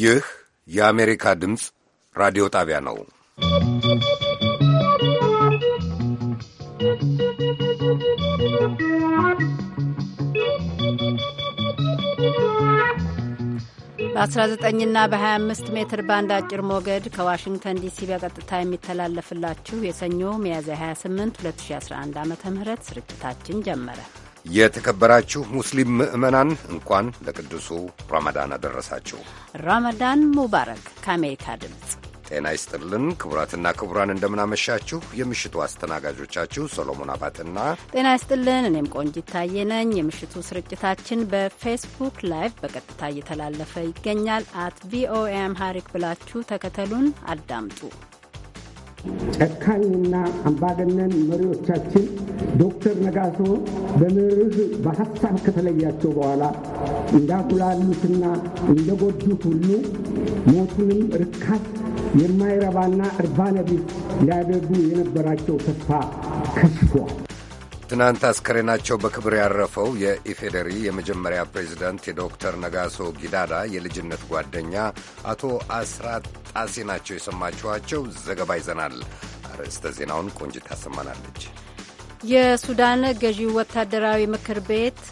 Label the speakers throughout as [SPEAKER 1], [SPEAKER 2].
[SPEAKER 1] ይህ የአሜሪካ ድምፅ ራዲዮ ጣቢያ ነው። በ19ና
[SPEAKER 2] በ25 ሜትር ባንድ አጭር ሞገድ ከዋሽንግተን ዲሲ በቀጥታ የሚተላለፍላችሁ የሰኞ ሚያዝያ 28 2011 ዓ ም ስርጭታችን ጀመረ።
[SPEAKER 1] የተከበራችሁ ሙስሊም ምዕመናን እንኳን ለቅዱሱ ራማዳን አደረሳችሁ።
[SPEAKER 2] ራማዳን ሙባረክ። ከአሜሪካ ድምፅ
[SPEAKER 1] ጤና ይስጥልን ክቡራትና ክቡራን፣ እንደምናመሻችሁ። የምሽቱ አስተናጋጆቻችሁ ሰሎሞን አባትና
[SPEAKER 2] ጤና ይስጥልን፣ እኔም ቆንጂት ታየ ነኝ። የምሽቱ ስርጭታችን በፌስቡክ ላይቭ በቀጥታ እየተላለፈ ይገኛል። አት ቪኦኤ አምሃሪክ ብላችሁ ተከተሉን አዳምጡ።
[SPEAKER 3] ጨካኝና አምባገነን መሪዎቻችን ዶክተር ነጋሶ በምርህ በሀሳብ ከተለያቸው በኋላ እንዳጉላሉትና እንደጎዱት ሁሉ ሞቱንም ርካት የማይረባና እርባነቢስ ሊያደርጉ የነበራቸው ተስፋ ከሽፏል።
[SPEAKER 1] ትናንት አስከሬናቸው በክብር ያረፈው የኢፌዴሪ የመጀመሪያ ፕሬዚዳንት የዶክተር ነጋሶ ጊዳዳ የልጅነት ጓደኛ አቶ አስራት ጣሴ ናቸው የሰማችኋቸው። ዘገባ ይዘናል። አርዕስተ ዜናውን ቆንጅት ታሰማናለች።
[SPEAKER 2] የሱዳን ገዢው ወታደራዊ ምክር ቤት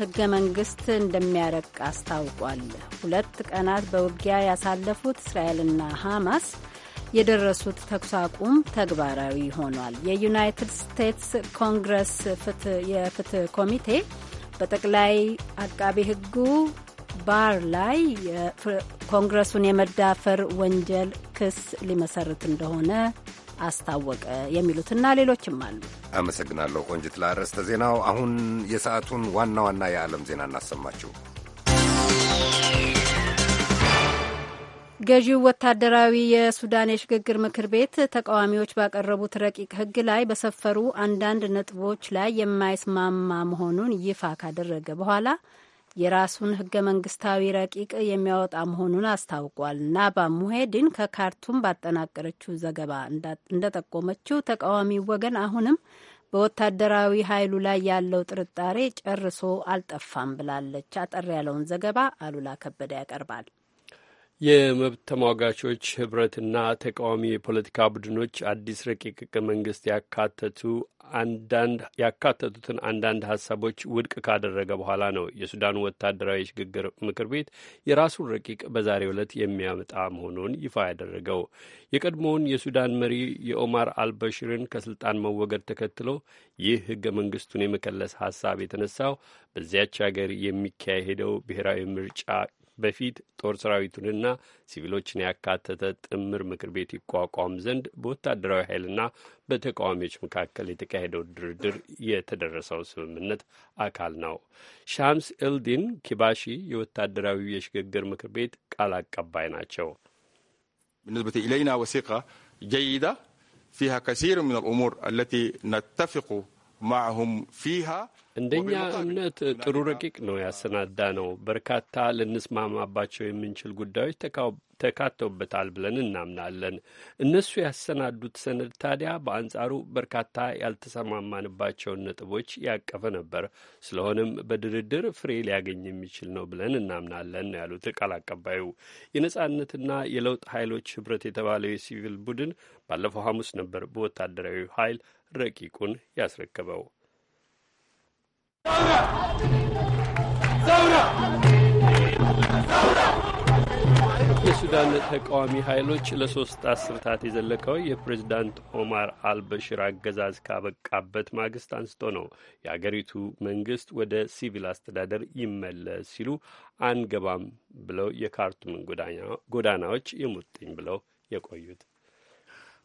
[SPEAKER 2] ህገ መንግስት እንደሚያረቅ አስታውቋል። ሁለት ቀናት በውጊያ ያሳለፉት እስራኤልና ሐማስ የደረሱት ተኩስ አቁም ተግባራዊ ሆኗል። የዩናይትድ ስቴትስ ኮንግረስ የፍትህ ኮሚቴ በጠቅላይ አቃቤ ሕጉ ባር ላይ ኮንግረሱን የመዳፈር ወንጀል ክስ ሊመሰርት እንደሆነ አስታወቀ። የሚሉትና ሌሎችም አሉ።
[SPEAKER 1] አመሰግናለሁ ቆንጅት ለአርዕስተ ዜናው። አሁን የሰዓቱን ዋና ዋና የዓለም ዜና እናሰማችሁ።
[SPEAKER 2] ገዢው ወታደራዊ የሱዳን የሽግግር ምክር ቤት ተቃዋሚዎች ባቀረቡት ረቂቅ ሕግ ላይ በሰፈሩ አንዳንድ ነጥቦች ላይ የማይስማማ መሆኑን ይፋ ካደረገ በኋላ የራሱን ህገ መንግስታዊ ረቂቅ የሚያወጣ መሆኑን አስታውቋል። ናባ ሙሄድን ከካርቱም ባጠናቀረችው ዘገባ እንደጠቆመችው ተቃዋሚው ወገን አሁንም በወታደራዊ ኃይሉ ላይ ያለው ጥርጣሬ ጨርሶ አልጠፋም ብላለች። አጠር ያለውን ዘገባ አሉላ ከበደ ያቀርባል።
[SPEAKER 4] የመብት ተሟጋቾች ህብረትና ተቃዋሚ የፖለቲካ ቡድኖች አዲስ ረቂቅ ህገ መንግስት ያካተቱ አንዳንድ ያካተቱትን አንዳንድ ሀሳቦች ውድቅ ካደረገ በኋላ ነው የሱዳን ወታደራዊ ሽግግር ምክር ቤት የራሱን ረቂቅ በዛሬው ዕለት የሚያመጣ መሆኑን ይፋ ያደረገው የቀድሞውን የሱዳን መሪ የኦማር አልበሽርን ከስልጣን መወገድ ተከትሎ ይህ ህገ መንግስቱን የመከለስ ሀሳብ የተነሳው በዚያች ሀገር የሚካሄደው ብሔራዊ ምርጫ በፊት ጦር ሰራዊቱንና ሲቪሎችን ያካተተ ጥምር ምክር ቤት ይቋቋም ዘንድ በወታደራዊ ኃይልና በተቃዋሚዎች መካከል የተካሄደው ድርድር የተደረሰው ስምምነት አካል ነው። ሻምስ ኤልዲን ኪባሺ የወታደራዊ የሽግግር ምክር ቤት ቃል አቀባይ ናቸው። بالنسبة إلينا وثيقة جيدة فيها كثير من الأمور እንደኛ እምነት ጥሩ ረቂቅ ነው ያሰናዳ ነው። በርካታ ልንስማማባቸው የምንችል ጉዳዮች ተካተውበታል ብለን እናምናለን። እነሱ ያሰናዱት ሰነድ ታዲያ በአንጻሩ በርካታ ያልተሰማማንባቸውን ነጥቦች ያቀፈ ነበር። ስለሆነም በድርድር ፍሬ ሊያገኝ የሚችል ነው ብለን እናምናለን ያሉት ቃል አቀባዩ። የነጻነትና የለውጥ ኃይሎች ህብረት የተባለው የሲቪል ቡድን ባለፈው ሐሙስ ነበር በወታደራዊ ኃይል ረቂቁን ያስረከበው። የሱዳን ተቃዋሚ ኃይሎች ለሶስት አስርታት የዘለቀው የፕሬዝዳንት ኦማር አልበሽር አገዛዝ ካበቃበት ማግስት አንስቶ ነው የአገሪቱ መንግስት ወደ ሲቪል አስተዳደር ይመለስ ሲሉ አንገባም ብለው የካርቱምን ጎዳናዎች የሙጥኝ ብለው የቆዩት።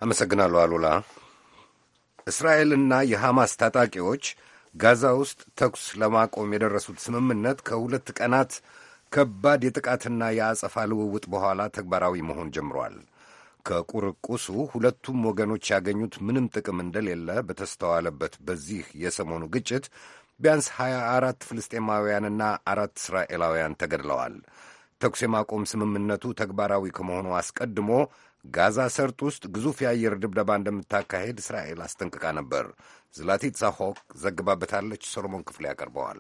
[SPEAKER 1] አመሰግናለሁ አሉላ። እስራኤልና የሐማስ ታጣቂዎች ጋዛ ውስጥ ተኩስ ለማቆም የደረሱት ስምምነት ከሁለት ቀናት ከባድ የጥቃትና የአጸፋ ልውውጥ በኋላ ተግባራዊ መሆን ጀምሯል። ከቁርቁሱ ሁለቱም ወገኖች ያገኙት ምንም ጥቅም እንደሌለ በተስተዋለበት በዚህ የሰሞኑ ግጭት ቢያንስ 24 ፍልስጤማውያንና አራት እስራኤላውያን ተገድለዋል። ተኩስ የማቆም ስምምነቱ ተግባራዊ ከመሆኑ አስቀድሞ ጋዛ ሰርጥ ውስጥ ግዙፍ የአየር ድብደባ እንደምታካሄድ እስራኤል አስጠንቅቃ ነበር። ዝላቲትሳ ሆክ ዘግባበታለች። ሰሎሞን ክፍሌ ያቀርበዋል።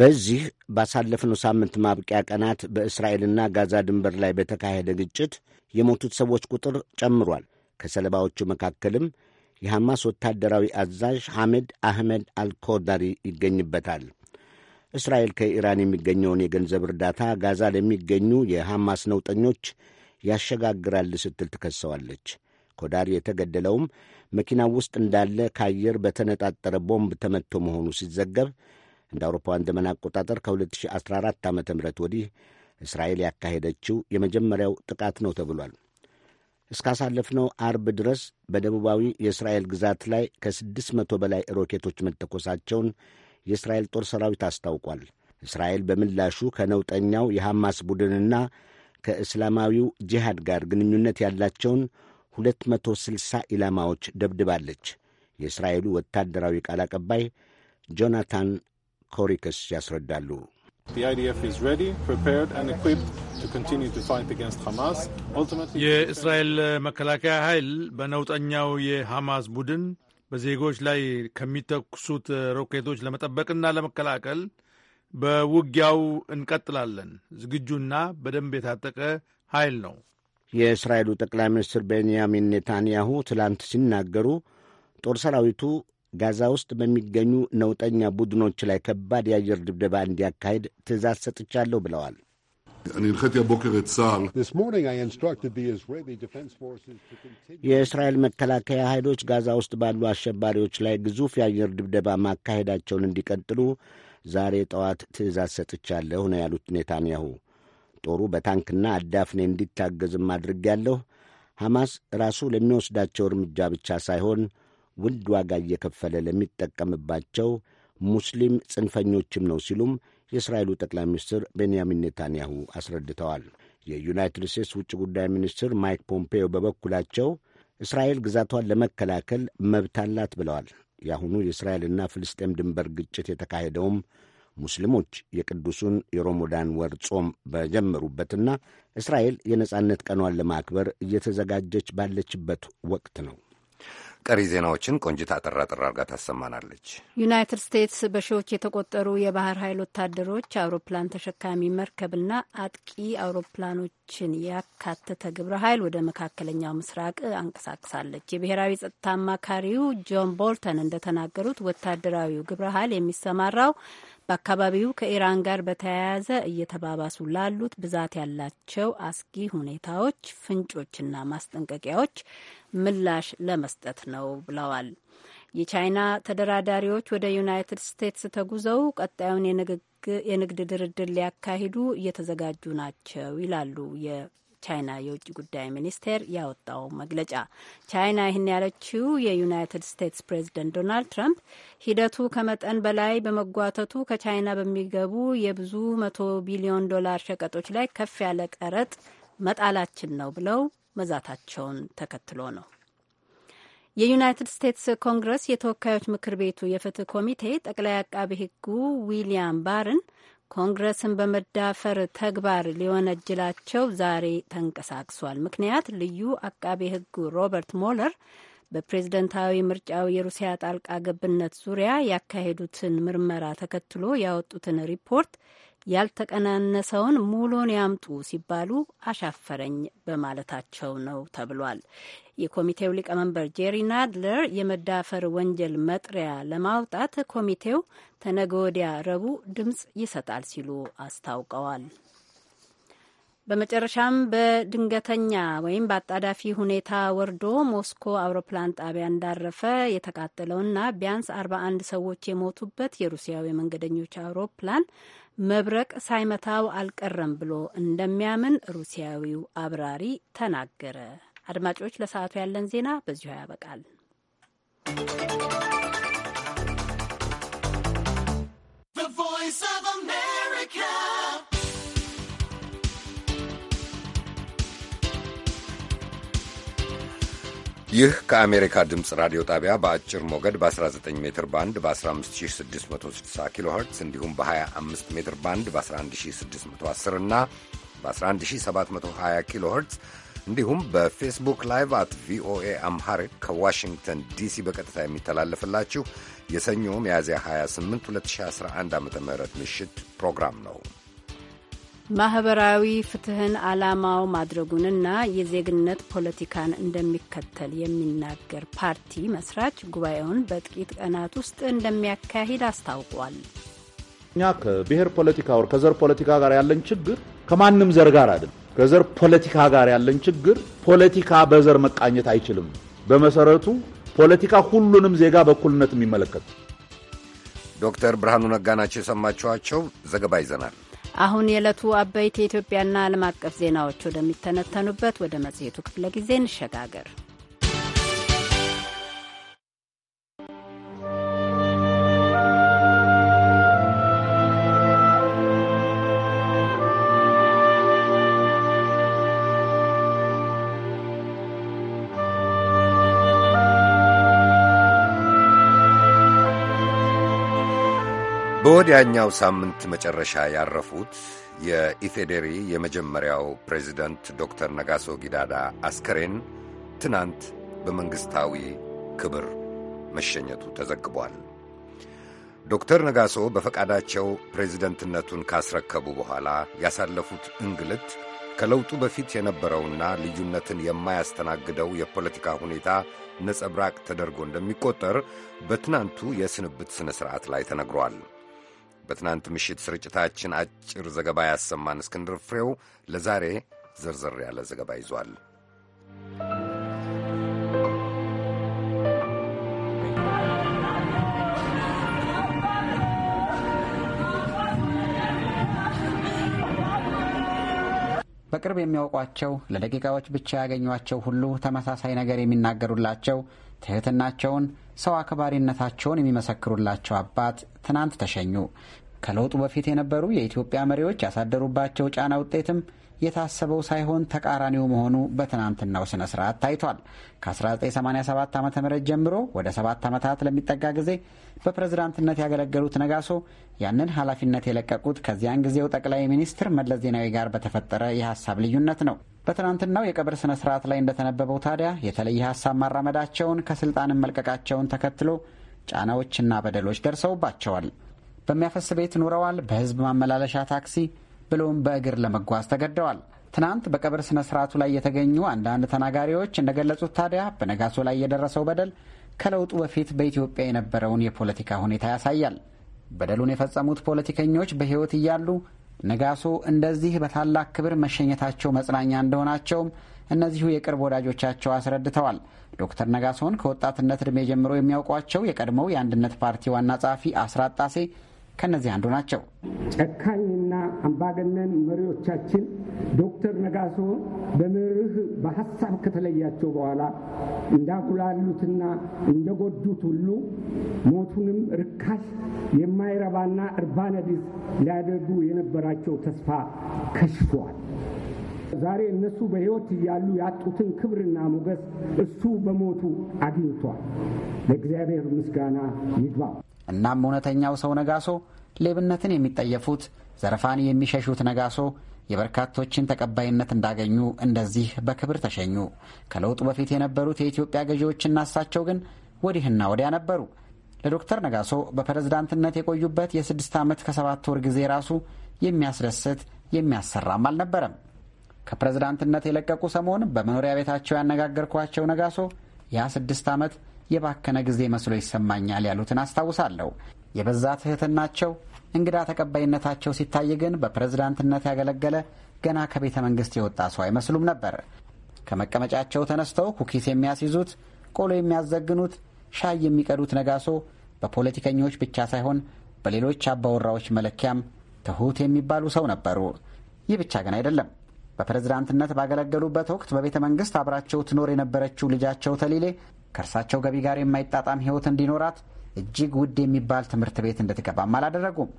[SPEAKER 3] በዚህ ባሳለፍነው ሳምንት ማብቂያ ቀናት በእስራኤልና ጋዛ ድንበር ላይ በተካሄደ ግጭት የሞቱት ሰዎች ቁጥር ጨምሯል። ከሰለባዎቹ መካከልም የሐማስ ወታደራዊ አዛዥ ሐሜድ አህመድ አልኮዳሪ ይገኝበታል። እስራኤል ከኢራን የሚገኘውን የገንዘብ እርዳታ ጋዛ ለሚገኙ የሐማስ ነውጠኞች ያሸጋግራል ስትል ትከሰዋለች። ኮዳሪ የተገደለውም መኪናው ውስጥ እንዳለ ከአየር በተነጣጠረ ቦምብ ተመትቶ መሆኑ ሲዘገብ እንደ አውሮፓውያን ዘመን አቆጣጠር ከ2014 ዓ ም ወዲህ እስራኤል ያካሄደችው የመጀመሪያው ጥቃት ነው ተብሏል። እስካሳለፍነው አርብ ድረስ በደቡባዊ የእስራኤል ግዛት ላይ ከ600 በላይ ሮኬቶች መተኮሳቸውን የእስራኤል ጦር ሰራዊት አስታውቋል። እስራኤል በምላሹ ከነውጠኛው የሐማስ ቡድንና ከእስላማዊው ጂሃድ ጋር ግንኙነት ያላቸውን 260 ኢላማዎች ደብድባለች። የእስራኤሉ ወታደራዊ ቃል አቀባይ ጆናታን
[SPEAKER 5] ኮሪክስ ያስረዳሉ። የእስራኤል መከላከያ ኃይል በነውጠኛው የሐማስ ቡድን በዜጎች ላይ ከሚተኩሱት ሮኬቶች ለመጠበቅና ለመከላከል በውጊያው እንቀጥላለን። ዝግጁና በደንብ የታጠቀ ኃይል ነው።
[SPEAKER 3] የእስራኤሉ ጠቅላይ ሚኒስትር ቤንያሚን ኔታንያሁ ትላንት ሲናገሩ ጦር ሰራዊቱ ጋዛ ውስጥ በሚገኙ ነውጠኛ ቡድኖች ላይ ከባድ የአየር ድብደባ እንዲያካሄድ ትእዛዝ ሰጥቻለሁ ብለዋል። የእስራኤል መከላከያ ኃይሎች ጋዛ ውስጥ ባሉ አሸባሪዎች ላይ ግዙፍ የአየር ድብደባ ማካሄዳቸውን እንዲቀጥሉ ዛሬ ጠዋት ትእዛዝ ሰጥቻለሁ ነው ያሉት ኔታንያሁ። ጦሩ በታንክና አዳፍኔ እንዲታገዝም አድርጌያለሁ። ሐማስ ራሱ ለሚወስዳቸው እርምጃ ብቻ ሳይሆን ውድ ዋጋ እየከፈለ ለሚጠቀምባቸው ሙስሊም ጽንፈኞችም ነው ሲሉም የእስራኤሉ ጠቅላይ ሚኒስትር ቤንያሚን ኔታንያሁ አስረድተዋል። የዩናይትድ ስቴትስ ውጭ ጉዳይ ሚኒስትር ማይክ ፖምፔዮ በበኩላቸው እስራኤል ግዛቷን ለመከላከል መብት አላት ብለዋል። የአሁኑ የእስራኤልና ፍልስጤም ድንበር ግጭት የተካሄደውም ሙስሊሞች የቅዱሱን የሮሞዳን ወር ጾም በጀመሩበትና እስራኤል የነጻነት ቀኗን ለማክበር እየተዘጋጀች ባለችበት ወቅት ነው።
[SPEAKER 1] ቀሪ ዜናዎችን ቆንጅት አጠራ ጠራ አርጋ ታሰማናለች።
[SPEAKER 2] ዩናይትድ ስቴትስ በሺዎች የተቆጠሩ የባህር ኃይል ወታደሮች አውሮፕላን ተሸካሚ መርከብና አጥቂ አውሮፕላኖችን ያካተተ ግብረ ኃይል ወደ መካከለኛው ምስራቅ አንቀሳቅሳለች። የብሔራዊ ጸጥታ አማካሪው ጆን ቦልተን እንደተናገሩት ወታደራዊው ግብረ ኃይል የሚሰማራው በአካባቢው ከኢራን ጋር በተያያዘ እየተባባሱ ላሉት ብዛት ያላቸው አስጊ ሁኔታዎች ፍንጮችና ማስጠንቀቂያዎች ምላሽ ለመስጠት ነው ብለዋል። የቻይና ተደራዳሪዎች ወደ ዩናይትድ ስቴትስ ተጉዘው ቀጣዩን የንግድ ድርድር ሊያካሂዱ እየተዘጋጁ ናቸው ይላሉ ቻይና የውጭ ጉዳይ ሚኒስቴር ያወጣው መግለጫ። ቻይና ይህን ያለችው የዩናይትድ ስቴትስ ፕሬዚደንት ዶናልድ ትራምፕ ሂደቱ ከመጠን በላይ በመጓተቱ ከቻይና በሚገቡ የብዙ መቶ ቢሊዮን ዶላር ሸቀጦች ላይ ከፍ ያለ ቀረጥ መጣላችን ነው ብለው መዛታቸውን ተከትሎ ነው። የዩናይትድ ስቴትስ ኮንግረስ የተወካዮች ምክር ቤቱ የፍትህ ኮሚቴ ጠቅላይ አቃቤ ሕጉ ዊሊያም ባርን ኮንግረስን በመዳፈር ተግባር ሊወነጅላቸው ዛሬ ተንቀሳቅሷል። ምክንያት ልዩ አቃቤ ሕጉ ሮበርት ሞለር በፕሬዝደንታዊ ምርጫው የሩሲያ ጣልቃ ገብነት ዙሪያ ያካሄዱትን ምርመራ ተከትሎ ያወጡትን ሪፖርት ያልተቀናነሰውን ሙሉን ያምጡ ሲባሉ አሻፈረኝ በማለታቸው ነው ተብሏል። የኮሚቴው ሊቀመንበር ጄሪ ናድለር የመዳፈር ወንጀል መጥሪያ ለማውጣት ኮሚቴው ተነገ ወዲያ ረቡዕ ድምፅ ይሰጣል ሲሉ አስታውቀዋል። በመጨረሻም በድንገተኛ ወይም በአጣዳፊ ሁኔታ ወርዶ ሞስኮ አውሮፕላን ጣቢያ እንዳረፈ የተቃጠለውና ቢያንስ አርባ አንድ ሰዎች የሞቱበት የሩሲያው የመንገደኞች አውሮፕላን መብረቅ ሳይመታው አልቀረም ብሎ እንደሚያምን ሩሲያዊው አብራሪ ተናገረ። አድማጮች፣ ለሰዓቱ ያለን ዜና በዚሁ ያበቃል።
[SPEAKER 1] ይህ ከአሜሪካ ድምፅ ራዲዮ ጣቢያ በአጭር ሞገድ በ19 ሜትር ባንድ በ15660 ኪሎ ኸርትዝ እንዲሁም በ25 ሜትር ባንድ በ11610 እና በ11720 ኪሎ ኸርትዝ እንዲሁም በፌስቡክ ላይቭ አት ቪኦኤ አምሃሪክ ከዋሽንግተን ዲሲ በቀጥታ የሚተላለፍላችሁ የሰኞ ሚያዝያ 28 2011 ዓ ም ምሽት ፕሮግራም ነው።
[SPEAKER 2] ማህበራዊ ፍትህን ዓላማው ማድረጉንና የዜግነት ፖለቲካን እንደሚከተል የሚናገር ፓርቲ መስራች ጉባኤውን በጥቂት ቀናት ውስጥ እንደሚያካሂድ አስታውቋል።
[SPEAKER 6] እኛ ከብሔር ፖለቲካ ወር ከዘር ፖለቲካ ጋር ያለን ችግር ከማንም ዘር ጋር አይደለም ከዘር ፖለቲካ ጋር ያለን ችግር ፖለቲካ በዘር መቃኘት አይችልም። በመሰረቱ ፖለቲካ ሁሉንም ዜጋ በእኩልነት የሚመለከት ዶክተር ብርሃኑ ነጋ ናቸው
[SPEAKER 1] የሰማችኋቸው። ዘገባ ይዘናል።
[SPEAKER 2] አሁን የዕለቱ አበይት የኢትዮጵያና ዓለም አቀፍ ዜናዎች ወደሚተነተኑበት ወደ መጽሔቱ ክፍለ ጊዜ እንሸጋገር።
[SPEAKER 1] በወዲያኛው ሳምንት መጨረሻ ያረፉት የኢፌዴሪ የመጀመሪያው ፕሬዚደንት ዶክተር ነጋሶ ጊዳዳ አስከሬን ትናንት በመንግሥታዊ ክብር መሸኘቱ ተዘግቧል። ዶክተር ነጋሶ በፈቃዳቸው ፕሬዚደንትነቱን ካስረከቡ በኋላ ያሳለፉት እንግልት ከለውጡ በፊት የነበረውና ልዩነትን የማያስተናግደው የፖለቲካ ሁኔታ ነጸብራቅ ተደርጎ እንደሚቆጠር በትናንቱ የስንብት ሥነ ሥርዓት ላይ ተነግሯል። በትናንት ምሽት ስርጭታችን አጭር ዘገባ ያሰማን እስክንድር ፍሬው ለዛሬ ዝርዝር ያለ ዘገባ ይዟል።
[SPEAKER 7] በቅርብ የሚያውቋቸው ለደቂቃዎች ብቻ ያገኟቸው ሁሉ ተመሳሳይ ነገር የሚናገሩላቸው ትሕትናቸውን ሰው አክባሪነታቸውን የሚመሰክሩላቸው አባት ትናንት ተሸኙ። ከለውጡ በፊት የነበሩ የኢትዮጵያ መሪዎች ያሳደሩባቸው ጫና ውጤትም የታሰበው ሳይሆን ተቃራኒው መሆኑ በትናንትናው ስነ ስርዓት ታይቷል። ከ1987 ዓ ም ጀምሮ ወደ ሰባት ዓመታት ለሚጠጋ ጊዜ በፕሬዝዳንትነት ያገለገሉት ነጋሶ ያንን ኃላፊነት የለቀቁት ከዚያን ጊዜው ጠቅላይ ሚኒስትር መለስ ዜናዊ ጋር በተፈጠረ የሀሳብ ልዩነት ነው። በትናንትናው የቀብር ስነ ስርዓት ላይ እንደተነበበው ታዲያ የተለየ ሀሳብ ማራመዳቸውን ከስልጣን መልቀቃቸውን ተከትሎ ጫናዎችና በደሎች ደርሰውባቸዋል። በሚያፈስ ቤት ኑረዋል። በህዝብ ማመላለሻ ታክሲ ብለውም በእግር ለመጓዝ ተገደዋል። ትናንት በቀብር ስነ ስርዓቱ ላይ የተገኙ አንዳንድ ተናጋሪዎች እንደገለጹት ታዲያ በነጋሶ ላይ የደረሰው በደል ከለውጡ በፊት በኢትዮጵያ የነበረውን የፖለቲካ ሁኔታ ያሳያል። በደሉን የፈጸሙት ፖለቲከኞች በሕይወት እያሉ ነጋሶ እንደዚህ በታላቅ ክብር መሸኘታቸው መጽናኛ እንደሆናቸውም እነዚሁ የቅርብ ወዳጆቻቸው አስረድተዋል። ዶክተር ነጋሶን ከወጣትነት ዕድሜ ጀምሮ የሚያውቋቸው የቀድሞው የአንድነት ፓርቲ ዋና ጸሐፊ አስራት ጣሴ ከእነዚህ አንዱ
[SPEAKER 3] ናቸው። ጨካኝና አምባገነን መሪዎቻችን ዶክተር ነጋሶ በመርህ በሀሳብ ከተለያቸው በኋላ እንዳጉላሉትና እንደጎዱት ሁሉ ሞቱንም ርካሽ የማይረባና እርባነቢስ ሊያደርጉ የነበራቸው ተስፋ ከሽፏል። ዛሬ እነሱ በሕይወት እያሉ ያጡትን ክብርና ሞገስ እሱ በሞቱ አግኝቷል። ለእግዚአብሔር ምስጋና ይግባው።
[SPEAKER 7] እናም እውነተኛው ሰው ነጋሶ፣ ሌብነትን የሚጠየፉት ዘረፋን የሚሸሹት ነጋሶ የበርካቶችን ተቀባይነት እንዳገኙ እንደዚህ በክብር ተሸኙ። ከለውጡ በፊት የነበሩት የኢትዮጵያ ገዢዎችና እሳቸው ግን ወዲህና ወዲያ ነበሩ። ለዶክተር ነጋሶ በፕሬዝዳንትነት የቆዩበት የስድስት ዓመት ከሰባት ወር ጊዜ ራሱ የሚያስደስት የሚያሰራም አልነበረም። ከፕሬዝዳንትነት የለቀቁ ሰሞን በመኖሪያ ቤታቸው ያነጋገርኳቸው ነጋሶ ያ ስድስት ዓመት የባከነ ጊዜ መስሎ ይሰማኛል ያሉትን አስታውሳለሁ። የበዛ ትህትናቸው፣ እንግዳ ተቀባይነታቸው ሲታይ ግን በፕሬዝዳንትነት ያገለገለ ገና ከቤተ መንግስት የወጣ ሰው አይመስሉም ነበር። ከመቀመጫቸው ተነስተው ኩኪስ የሚያስይዙት፣ ቆሎ የሚያዘግኑት ሻይ የሚቀዱት ነጋሶ በፖለቲከኞች ብቻ ሳይሆን በሌሎች አባወራዎች መለኪያም ትሑት የሚባሉ ሰው ነበሩ። ይህ ብቻ ግን አይደለም። በፕሬዝዳንትነት ባገለገሉበት ወቅት በቤተ መንግስት አብራቸው ትኖር የነበረችው ልጃቸው ተሊሌ ከእርሳቸው ገቢ ጋር የማይጣጣም ሕይወት እንዲኖራት እጅግ ውድ የሚባል ትምህርት ቤት እንድትገባም አላደረጉም።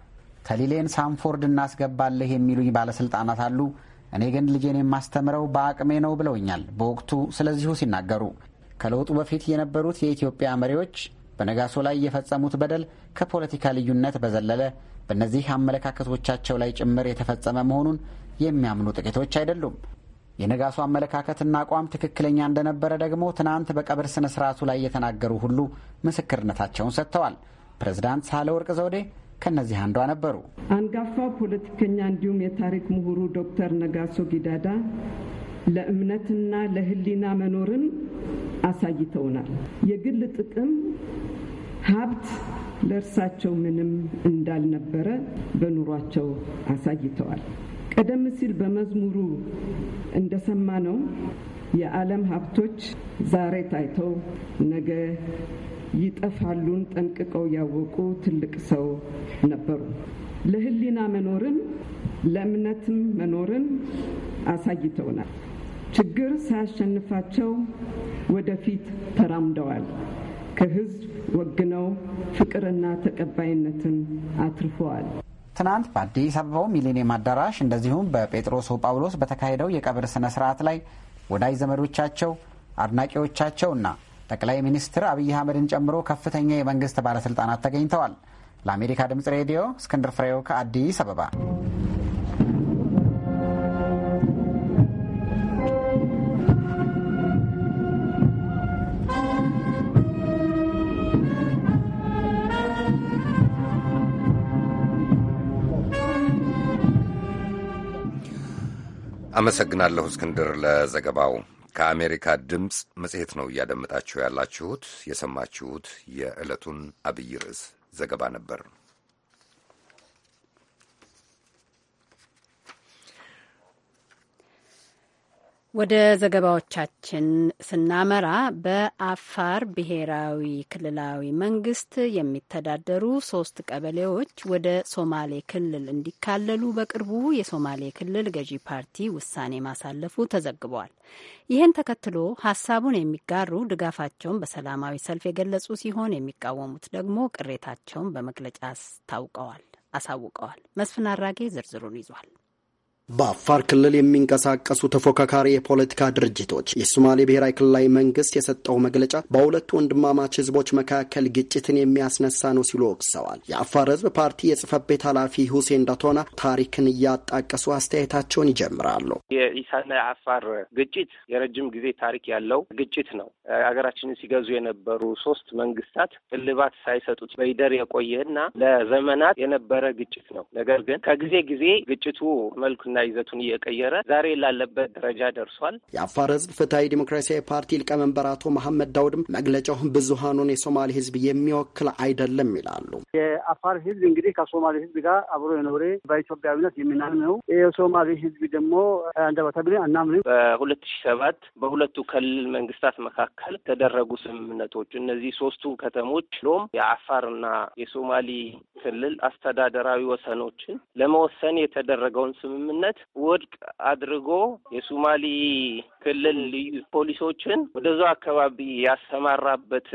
[SPEAKER 7] ተሊሌን ሳንፎርድ እናስገባለህ የሚሉኝ ባለስልጣናት አሉ፣ እኔ ግን ልጄን የማስተምረው በአቅሜ ነው ብለውኛል በወቅቱ ስለዚሁ ሲናገሩ ከለውጡ በፊት የነበሩት የኢትዮጵያ መሪዎች በነጋሶ ላይ የፈጸሙት በደል ከፖለቲካ ልዩነት በዘለለ በእነዚህ አመለካከቶቻቸው ላይ ጭምር የተፈጸመ መሆኑን የሚያምኑ ጥቂቶች አይደሉም። የነጋሶ አመለካከትና አቋም ትክክለኛ እንደነበረ ደግሞ ትናንት በቀብር ስነ ስርዓቱ ላይ የተናገሩ ሁሉ ምስክርነታቸውን ሰጥተዋል። ፕሬዝዳንት ሳህለወርቅ ዘውዴ ከእነዚህ አንዷ ነበሩ።
[SPEAKER 8] አንጋፋ ፖለቲከኛ እንዲሁም የታሪክ ምሁሩ ዶክተር ነጋሶ ጊዳዳ ለእምነትና ለሕሊና መኖርን አሳይተውናል። የግል ጥቅም፣ ሀብት ለእርሳቸው ምንም እንዳልነበረ በኑሯቸው አሳይተዋል። ቀደም ሲል በመዝሙሩ እንደሰማነው የዓለም ሀብቶች ዛሬ ታይተው ነገ ይጠፋሉን ጠንቅቀው ያወቁ ትልቅ ሰው ነበሩ። ለሕሊና መኖርን ለእምነትም መኖርን አሳይተውናል። ችግር ሳያሸንፋቸው ወደፊት ተራምደዋል። ከህዝብ ወግነው ፍቅርና ተቀባይነትን አትርፈዋል። ትናንት
[SPEAKER 7] በአዲስ አበባው ሚሊኒየም አዳራሽ እንደዚሁም በጴጥሮስ ጳውሎስ በተካሄደው የቀብር ስነ ስርዓት ላይ ወዳጅ ዘመዶቻቸው፣ አድናቂዎቻቸውና ጠቅላይ ሚኒስትር አብይ አህመድን ጨምሮ ከፍተኛ የመንግስት ባለስልጣናት ተገኝተዋል። ለአሜሪካ ድምጽ ሬዲዮ እስክንድር ፍሬው ከአዲስ አበባ
[SPEAKER 1] አመሰግናለሁ እስክንድር ለዘገባው። ከአሜሪካ ድምፅ መጽሔት ነው እያደመጣችሁ ያላችሁት። የሰማችሁት የዕለቱን አብይ ርዕስ ዘገባ ነበር።
[SPEAKER 2] ወደ ዘገባዎቻችን ስናመራ በአፋር ብሔራዊ ክልላዊ መንግስት የሚተዳደሩ ሶስት ቀበሌዎች ወደ ሶማሌ ክልል እንዲካለሉ በቅርቡ የሶማሌ ክልል ገዢ ፓርቲ ውሳኔ ማሳለፉ ተዘግቧል። ይህን ተከትሎ ሀሳቡን የሚጋሩ ድጋፋቸውን በሰላማዊ ሰልፍ የገለጹ ሲሆን የሚቃወሙት ደግሞ ቅሬታቸውን በመግለጫ አስታውቀዋል አሳውቀዋል። መስፍን አራጌ ዝርዝሩን ይዟል።
[SPEAKER 9] በአፋር ክልል የሚንቀሳቀሱ ተፎካካሪ የፖለቲካ ድርጅቶች የሶማሌ ብሔራዊ ክልላዊ መንግስት የሰጠው መግለጫ በሁለቱ ወንድማማች ህዝቦች መካከል ግጭትን የሚያስነሳ ነው ሲሉ ወቅሰዋል። የአፋር ህዝብ ፓርቲ የጽህፈት ቤት ኃላፊ ሁሴን ዳቶና ታሪክን እያጣቀሱ አስተያየታቸውን ይጀምራሉ።
[SPEAKER 10] የኢሳና የአፋር ግጭት የረጅም ጊዜ ታሪክ ያለው ግጭት ነው። ሀገራችንን ሲገዙ የነበሩ ሶስት መንግስታት እልባት ሳይሰጡት በይደር የቆየና ለዘመናት የነበረ ግጭት ነው። ነገር ግን ከጊዜ ጊዜ ግጭቱ መልኩና ይዘቱን እየቀየረ ዛሬ ላለበት ደረጃ ደርሷል።
[SPEAKER 9] የአፋር ህዝብ ፍትሐዊ ዲሞክራሲያዊ ፓርቲ ሊቀመንበር አቶ መሐመድ ዳውድም መግለጫው ብዙሀኑን የሶማሌ ህዝብ የሚወክል አይደለም ይላሉ።
[SPEAKER 11] የአፋር ህዝብ እንግዲህ ከሶማሌ ህዝብ ጋር አብሮ የኖረ በኢትዮጵያዊነት የሚናምነው የሶማሌ ህዝብ ደግሞ አንደበተብን አናምንም።
[SPEAKER 10] በሁለት ሺ ሰባት በሁለቱ ክልል መንግስታት መካከል ተደረጉ ስምምነቶች እነዚህ ሶስቱ ከተሞች ሎም የአፋርና የሶማሌ ክልል አስተዳደራዊ ወሰኖችን ለመወሰን የተደረገውን ስምምነት ስምምነት ውድቅ አድርጎ የሱማሌ ክልል ልዩ ፖሊሶችን ወደዛ አካባቢ ያሰማራበት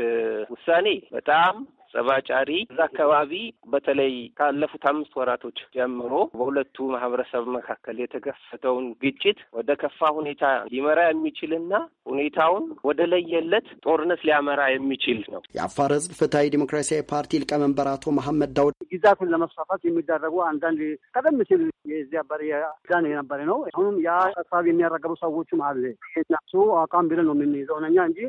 [SPEAKER 10] ውሳኔ በጣም ጸባጫሪ እዛ አካባቢ በተለይ ካለፉት አምስት ወራቶች ጀምሮ በሁለቱ ማህበረሰብ መካከል የተከሰተውን ግጭት ወደ ከፋ ሁኔታ ሊመራ የሚችልና ሁኔታውን ወደ ለየለት ጦርነት ሊያመራ የሚችል
[SPEAKER 9] ነው። የአፋር ህዝብ ፍትሐዊ ዲሞክራሲያዊ ፓርቲ ሊቀመንበር አቶ መሐመድ ዳውድ ግዛቱን ለመስፋፋት የሚደረጉ
[SPEAKER 11] አንዳንድ ቀደም ሲል የዚያ በር ዳን የነበረ ነው። አሁንም ያ ሀሳብ የሚያራገቡ ሰዎችም አለ። እነሱ አቋም ቢለን ነው የምንይዘው እኛ እንጂ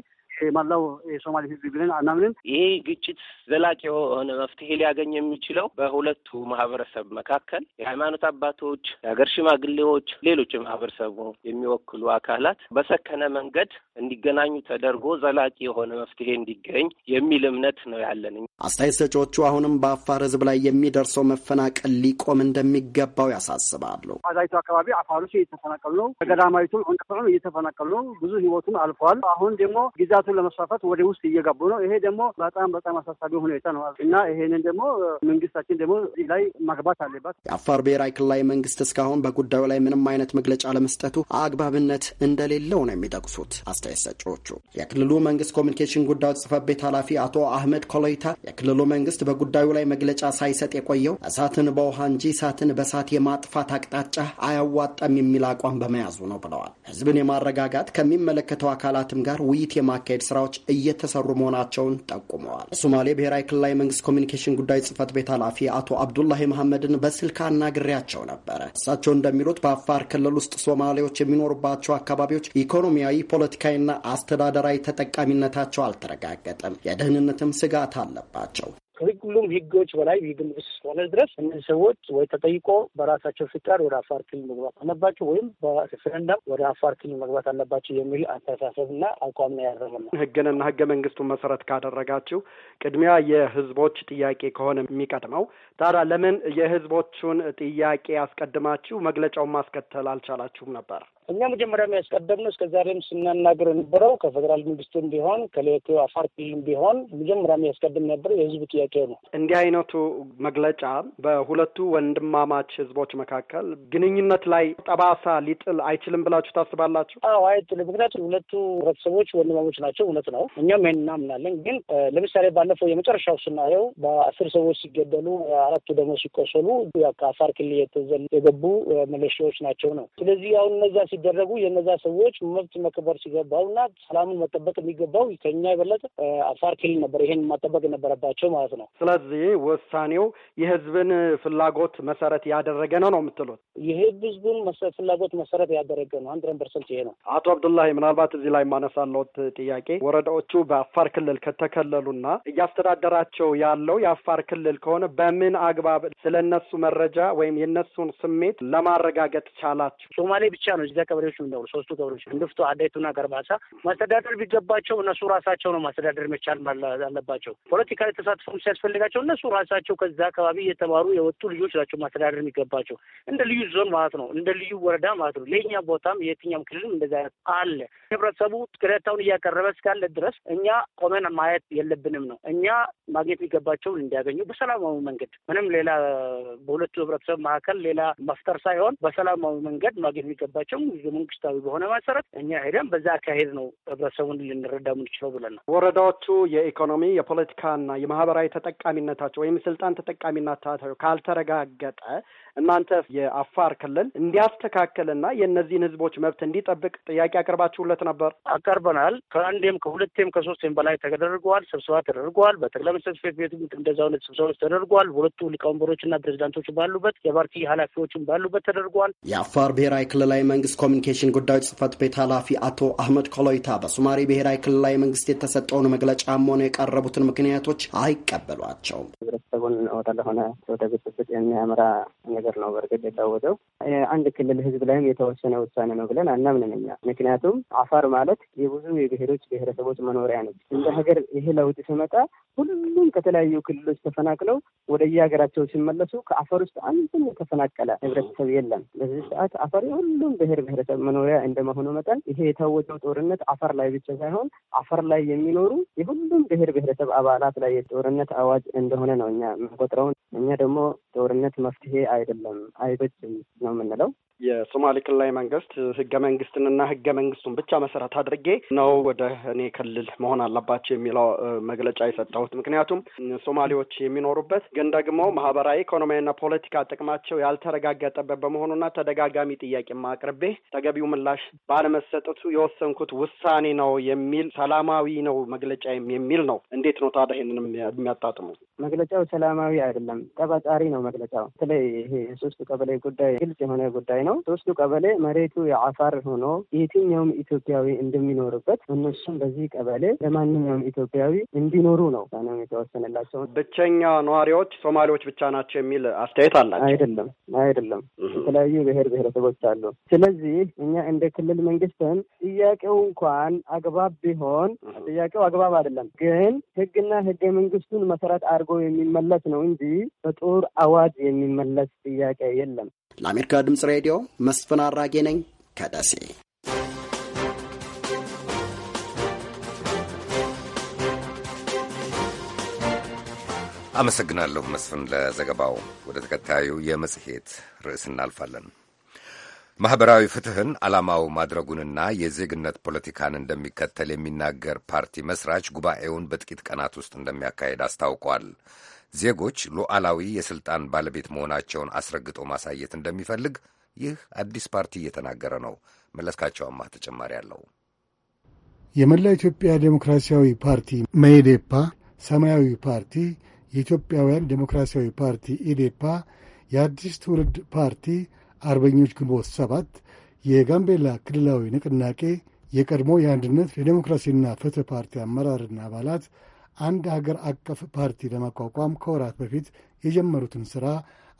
[SPEAKER 11] የመላው የሶማሌ ህዝብ ብለን አናምንም።
[SPEAKER 10] ይህ ግጭት ዘላቂ የሆነ መፍትሄ ሊያገኝ የሚችለው በሁለቱ ማህበረሰብ መካከል የሃይማኖት አባቶች፣ የሀገር ሽማግሌዎች፣ ሌሎች የማህበረሰቡ የሚወክሉ አካላት በሰከነ መንገድ እንዲገናኙ ተደርጎ ዘላቂ የሆነ መፍትሄ እንዲገኝ የሚል እምነት ነው ያለን።
[SPEAKER 9] አስተያየት ሰጪዎቹ አሁንም በአፋር ህዝብ ላይ የሚደርሰው መፈናቀል ሊቆም እንደሚገባው ያሳስባሉ።
[SPEAKER 10] አዛይቱ አካባቢ አፋሮች እየተፈናቀሉ ነው። በገዳማዊቱም
[SPEAKER 11] እንቅፍም እየተፈናቀሉ ነው። ብዙ ህይወቱን አልፏል። አሁን ደግሞ ግዛቱ እውቀቱን ለመስፋፋት ወደ ውስጥ እየገቡ ነው። ይሄ ደግሞ በጣም በጣም አሳሳቢ ሁኔታ ነው እና ይሄንን ደግሞ መንግስታችን ደግሞ ላይ ማግባት
[SPEAKER 9] አለባት። የአፋር ብሔራዊ ክልላዊ መንግስት እስካሁን በጉዳዩ ላይ ምንም አይነት መግለጫ ለመስጠቱ አግባብነት እንደሌለው ነው የሚጠቅሱት አስተያየት ሰጪዎቹ። የክልሉ መንግስት ኮሚኒኬሽን ጉዳዮች ጽህፈት ቤት ኃላፊ አቶ አህመድ ኮሎይታ የክልሉ መንግስት በጉዳዩ ላይ መግለጫ ሳይሰጥ የቆየው እሳትን በውሃ እንጂ እሳትን በእሳት የማጥፋት አቅጣጫ አያዋጣም የሚል አቋም በመያዙ ነው ብለዋል። ህዝብን የማረጋጋት ከሚመለከተው አካላትም ጋር ውይይት የማካሄድ የማካሄድ ስራዎች እየተሰሩ መሆናቸውን ጠቁመዋል። የሶማሌ ብሔራዊ ክልላዊ መንግስት ኮሚኒኬሽን ጉዳይ ጽህፈት ቤት ኃላፊ አቶ አብዱላሂ መሐመድን በስልክ አናግሬያቸው ነበረ። እሳቸው እንደሚሉት በአፋር ክልል ውስጥ ሶማሌዎች የሚኖሩባቸው አካባቢዎች ኢኮኖሚያዊ፣ ፖለቲካዊና አስተዳደራዊ ተጠቃሚነታቸው አልተረጋገጠም። የደህንነትም ስጋት አለባቸው።
[SPEAKER 12] ከሁሉም ህጎች በላይ ህግም እስከሆነ ድረስ እነዚህ ሰዎች ወይ ተጠይቆ በራሳቸው ፍቃድ ወደ አፋር ክልል መግባት አለባቸው ወይም በፍረንዳም ወደ አፋር ክልል መግባት አለባቸው የሚል አስተሳሰብ አስተሳሰብና አቋም ነው ያደረገና
[SPEAKER 9] ህግንና ህገ መንግስቱን መሰረት ካደረጋችሁ ቅድሚያ የህዝቦች ጥያቄ ከሆነ የሚቀድመው ታዲያ ለምን የህዝቦቹን ጥያቄ አስቀድማችሁ መግለጫውን ማስከተል አልቻላችሁም ነበር? እኛ መጀመሪያ
[SPEAKER 12] ያስቀደምነው እስከዛሬም ስናናገር የነበረው ከፌዴራል መንግስትም ቢሆን ከሌቱ አፋር ክልልም ቢሆን
[SPEAKER 9] መጀመሪያ ያስቀድም ነበር የህዝብ ጥያቄ ነው። እንዲህ አይነቱ መግለጫ በሁለቱ ወንድማማች ህዝቦች መካከል ግንኙነት ላይ ጠባሳ ሊጥል አይችልም ብላችሁ ታስባላችሁ? አዎ አይጥል። ምክንያቱም ሁለቱ ህብረተሰቦች ወንድማሞች ናቸው። እውነት ነው፣ እኛም ይህን እናምናለን። ግን
[SPEAKER 12] ለምሳሌ ባለፈው የመጨረሻው ስናየው በአስር ሰዎች ሲገደሉ አራቱ ደግሞ ሲቆሰሉ ከአፋር ክልል የገቡ መለሻዎች ናቸው ነው። ስለዚህ አሁን እነዛ ሲደረጉ የነዛ ሰዎች መብት መክበር ሲገባው እና ሰላሙን መጠበቅ የሚገባው ከኛ የበለጠ አፋር ክልል ነበር ይሄን መጠበቅ የነበረባቸው ማለት ነው። ስለዚህ
[SPEAKER 9] ውሳኔው የህዝብን ፍላጎት መሰረት ያደረገ ነው ነው የምትሉት?
[SPEAKER 12] ህዝቡን ፍላጎት መሰረት ያደረገ ነው። አንድ ፐርሰንት ይሄ
[SPEAKER 9] ነው። አቶ አብዱላሂ ምናልባት እዚህ ላይ ማነሳለት ጥያቄ ወረዳዎቹ በአፋር ክልል ከተከለሉና እያስተዳደራቸው ያለው የአፋር ክልል ከሆነ በምን አግባብ ስለነሱ መረጃ ወይም የነሱን ስሜት ለማረጋገጥ ቻላችሁ? ሶማሌ ብቻ ነው ቀበሌዎች የሚኖሩ ሶስቱ
[SPEAKER 12] ቀበሌዎች እንድፍቶ፣ አዳይቱና ገርባሳ ማስተዳደር ቢገባቸው እነሱ ራሳቸው ነው ማስተዳደር መቻል አለባቸው። ፖለቲካዊ ተሳትፎ ሲያስፈልጋቸው እነሱ ራሳቸው ከዛ አካባቢ የተማሩ የወጡ ልጆች ናቸው ማስተዳደር የሚገባቸው እንደ ልዩ ዞን ማለት ነው፣ እንደ ልዩ ወረዳ ማለት ነው። ለእኛ ቦታም የትኛም ክልልም እንደዚ አይነት አለ። ህብረተሰቡ ቅሬታውን እያቀረበ እስካለ ድረስ እኛ ቆመን ማየት የለብንም ነው። እኛ ማግኘት የሚገባቸውን እንዲያገኙ በሰላማዊ መንገድ ምንም ሌላ በሁለቱ ህብረተሰብ መካከል ሌላ መፍጠር ሳይሆን በሰላማዊ መንገድ ማግኘት የሚገባቸው መንግስታዊ በሆነ መሰረት እኛ ሄደን በዛ አካሄድ ነው ህብረተሰቡን ልንረዳ የምንችለው ብለን
[SPEAKER 9] ነው። ወረዳዎቹ የኢኮኖሚ የፖለቲካና የማህበራዊ ተጠቃሚነታቸው ወይም ስልጣን ተጠቃሚነታቸው ካልተረጋገጠ እናንተ የአፋር ክልል እንዲያስተካክልና የእነዚህን ህዝቦች መብት እንዲጠብቅ ጥያቄ አቅርባችሁለት ነበር? አቀርበናል።
[SPEAKER 12] ከአንዴም ከሁለቴም ከሶስቴም በላይ ተደርገዋል። ስብሰባ ተደርገዋል። በጠቅላይ ሚኒስትር ጽሕፈት ቤት እንደዚ አይነት ስብሰባዎች ተደርገዋል። ሁለቱ ሊቀመንበሮችና ፕሬዚዳንቶች ባሉበት፣ የፓርቲ ኃላፊዎችም ባሉበት ተደርገዋል።
[SPEAKER 9] የአፋር ብሔራዊ ክልላዊ መንግስት ኮሚኒኬሽን ጉዳዮች ጽህፈት ቤት ኃላፊ አቶ አህመድ ኮሎይታ በሶማሌ ብሔራዊ ክልላዊ መንግስት የተሰጠውን መግለጫም ሆነ የቀረቡትን ምክንያቶች አይቀበሏቸውም።
[SPEAKER 8] ህብረተሰቡን ወደ ለሆነ ወደ ግጭት የሚያምራ ነገር ነው በእርግጥ የተወሰደው አንድ ክልል ህዝብ ላይም የተወሰነ ውሳኔ ነው ብለን አናምንም እኛ። ምክንያቱም አፋር ማለት የብዙ የብሔሮች ብሔረሰቦች መኖሪያ ነች። እንደ ሀገር ይሄ ለውጥ ሲመጣ ሁሉም ከተለያዩ ክልሎች ተፈናቅለው ወደ የሀገራቸው ሲመለሱ ከአፋር ውስጥ አንድም የተፈናቀለ ህብረተሰብ የለም። በዚህ ሰዓት አፋር የሁሉም ብሔር ብሔረሰብ መኖሪያ እንደመሆኑ መጠን ይሄ የታወጀው ጦርነት አፋር ላይ ብቻ ሳይሆን አፋር ላይ የሚኖሩ የሁሉም ብሔር ብሔረሰብ አባላት ላይ የጦርነት አዋጅ እንደሆነ ነው እኛ የምንቆጥረውን። እኛ ደግሞ ጦርነት መፍትሄ አይደ አይደለም አይበጅም ነው የምንለው
[SPEAKER 9] የሶማሌ ክልላዊ መንግስት ህገ መንግስትንና ህገ መንግስቱን ብቻ መሰረት አድርጌ ነው ወደ እኔ ክልል መሆን አለባቸው የሚለው መግለጫ የሰጠሁት። ምክንያቱም ሶማሌዎች የሚኖሩበት ግን ደግሞ ማህበራዊ፣ ኢኮኖሚያዊና ፖለቲካ ጥቅማቸው ያልተረጋገጠበት በመሆኑና ተደጋጋሚ ጥያቄ ማቅርቤ ተገቢው ምላሽ ባለመሰጠቱ የወሰንኩት ውሳኔ ነው የሚል ሰላማዊ ነው መግለጫ የሚል ነው። እንዴት ነው ታዲያ ይህንንም የሚያጣጥሙ?
[SPEAKER 8] መግለጫው ሰላማዊ አይደለም፣ ጠባጫሪ ነው መግለጫው። በተለይ ይሄ የሶስቱ ቀበሌ ጉዳይ ግልጽ የሆነ ጉዳይ ነው። ነው። ሶስቱ ቀበሌ መሬቱ የአፋር ሆኖ የትኛውም ኢትዮጵያዊ እንደሚኖርበት እነሱም በዚህ ቀበሌ ለማንኛውም ኢትዮጵያዊ እንዲኖሩ ነው
[SPEAKER 9] ነው የተወሰነላቸው። ብቸኛ ነዋሪዎች ሶማሌዎች ብቻ ናቸው የሚል አስተያየት አላቸው። አይደለም አይደለም፣ የተለያዩ ብሔር ብሔረሰቦች አሉ።
[SPEAKER 8] ስለዚህ እኛ እንደ ክልል መንግስትም ጥያቄው እንኳን አግባብ ቢሆን ጥያቄው አግባብ አይደለም፣ ግን ህግና ህገ መንግስቱን መሰረት አድርጎ የሚመለስ ነው እንጂ በጦር አዋጅ የሚመለስ ጥያቄ የለም።
[SPEAKER 9] ለአሜሪካ ድምፅ ሬዲዮ መስፍን አራጌ ነኝ ከደሴ።
[SPEAKER 1] አመሰግናለሁ መስፍን ለዘገባው። ወደ ተከታዩ የመጽሔት ርዕስ እናልፋለን። ማኅበራዊ ፍትሕን ዓላማው ማድረጉንና የዜግነት ፖለቲካን እንደሚከተል የሚናገር ፓርቲ መስራች ጉባኤውን በጥቂት ቀናት ውስጥ እንደሚያካሄድ አስታውቋል። ዜጎች ሉዓላዊ የሥልጣን ባለቤት መሆናቸውን አስረግጦ ማሳየት እንደሚፈልግ ይህ አዲስ ፓርቲ እየተናገረ ነው። መለስካቸው ተጨማሪ አለው።
[SPEAKER 13] የመላ ኢትዮጵያ ዴሞክራሲያዊ ፓርቲ መኢዴፓ፣ ሰማያዊ ፓርቲ፣ የኢትዮጵያውያን ዴሞክራሲያዊ ፓርቲ ኢዴፓ፣ የአዲስ ትውልድ ፓርቲ አርበኞች ግንቦት ሰባት የጋምቤላ ክልላዊ ንቅናቄ የቀድሞ የአንድነት የዴሞክራሲና ፍትህ ፓርቲ አመራርና አባላት አንድ ሀገር አቀፍ ፓርቲ ለማቋቋም ከወራት በፊት የጀመሩትን ሥራ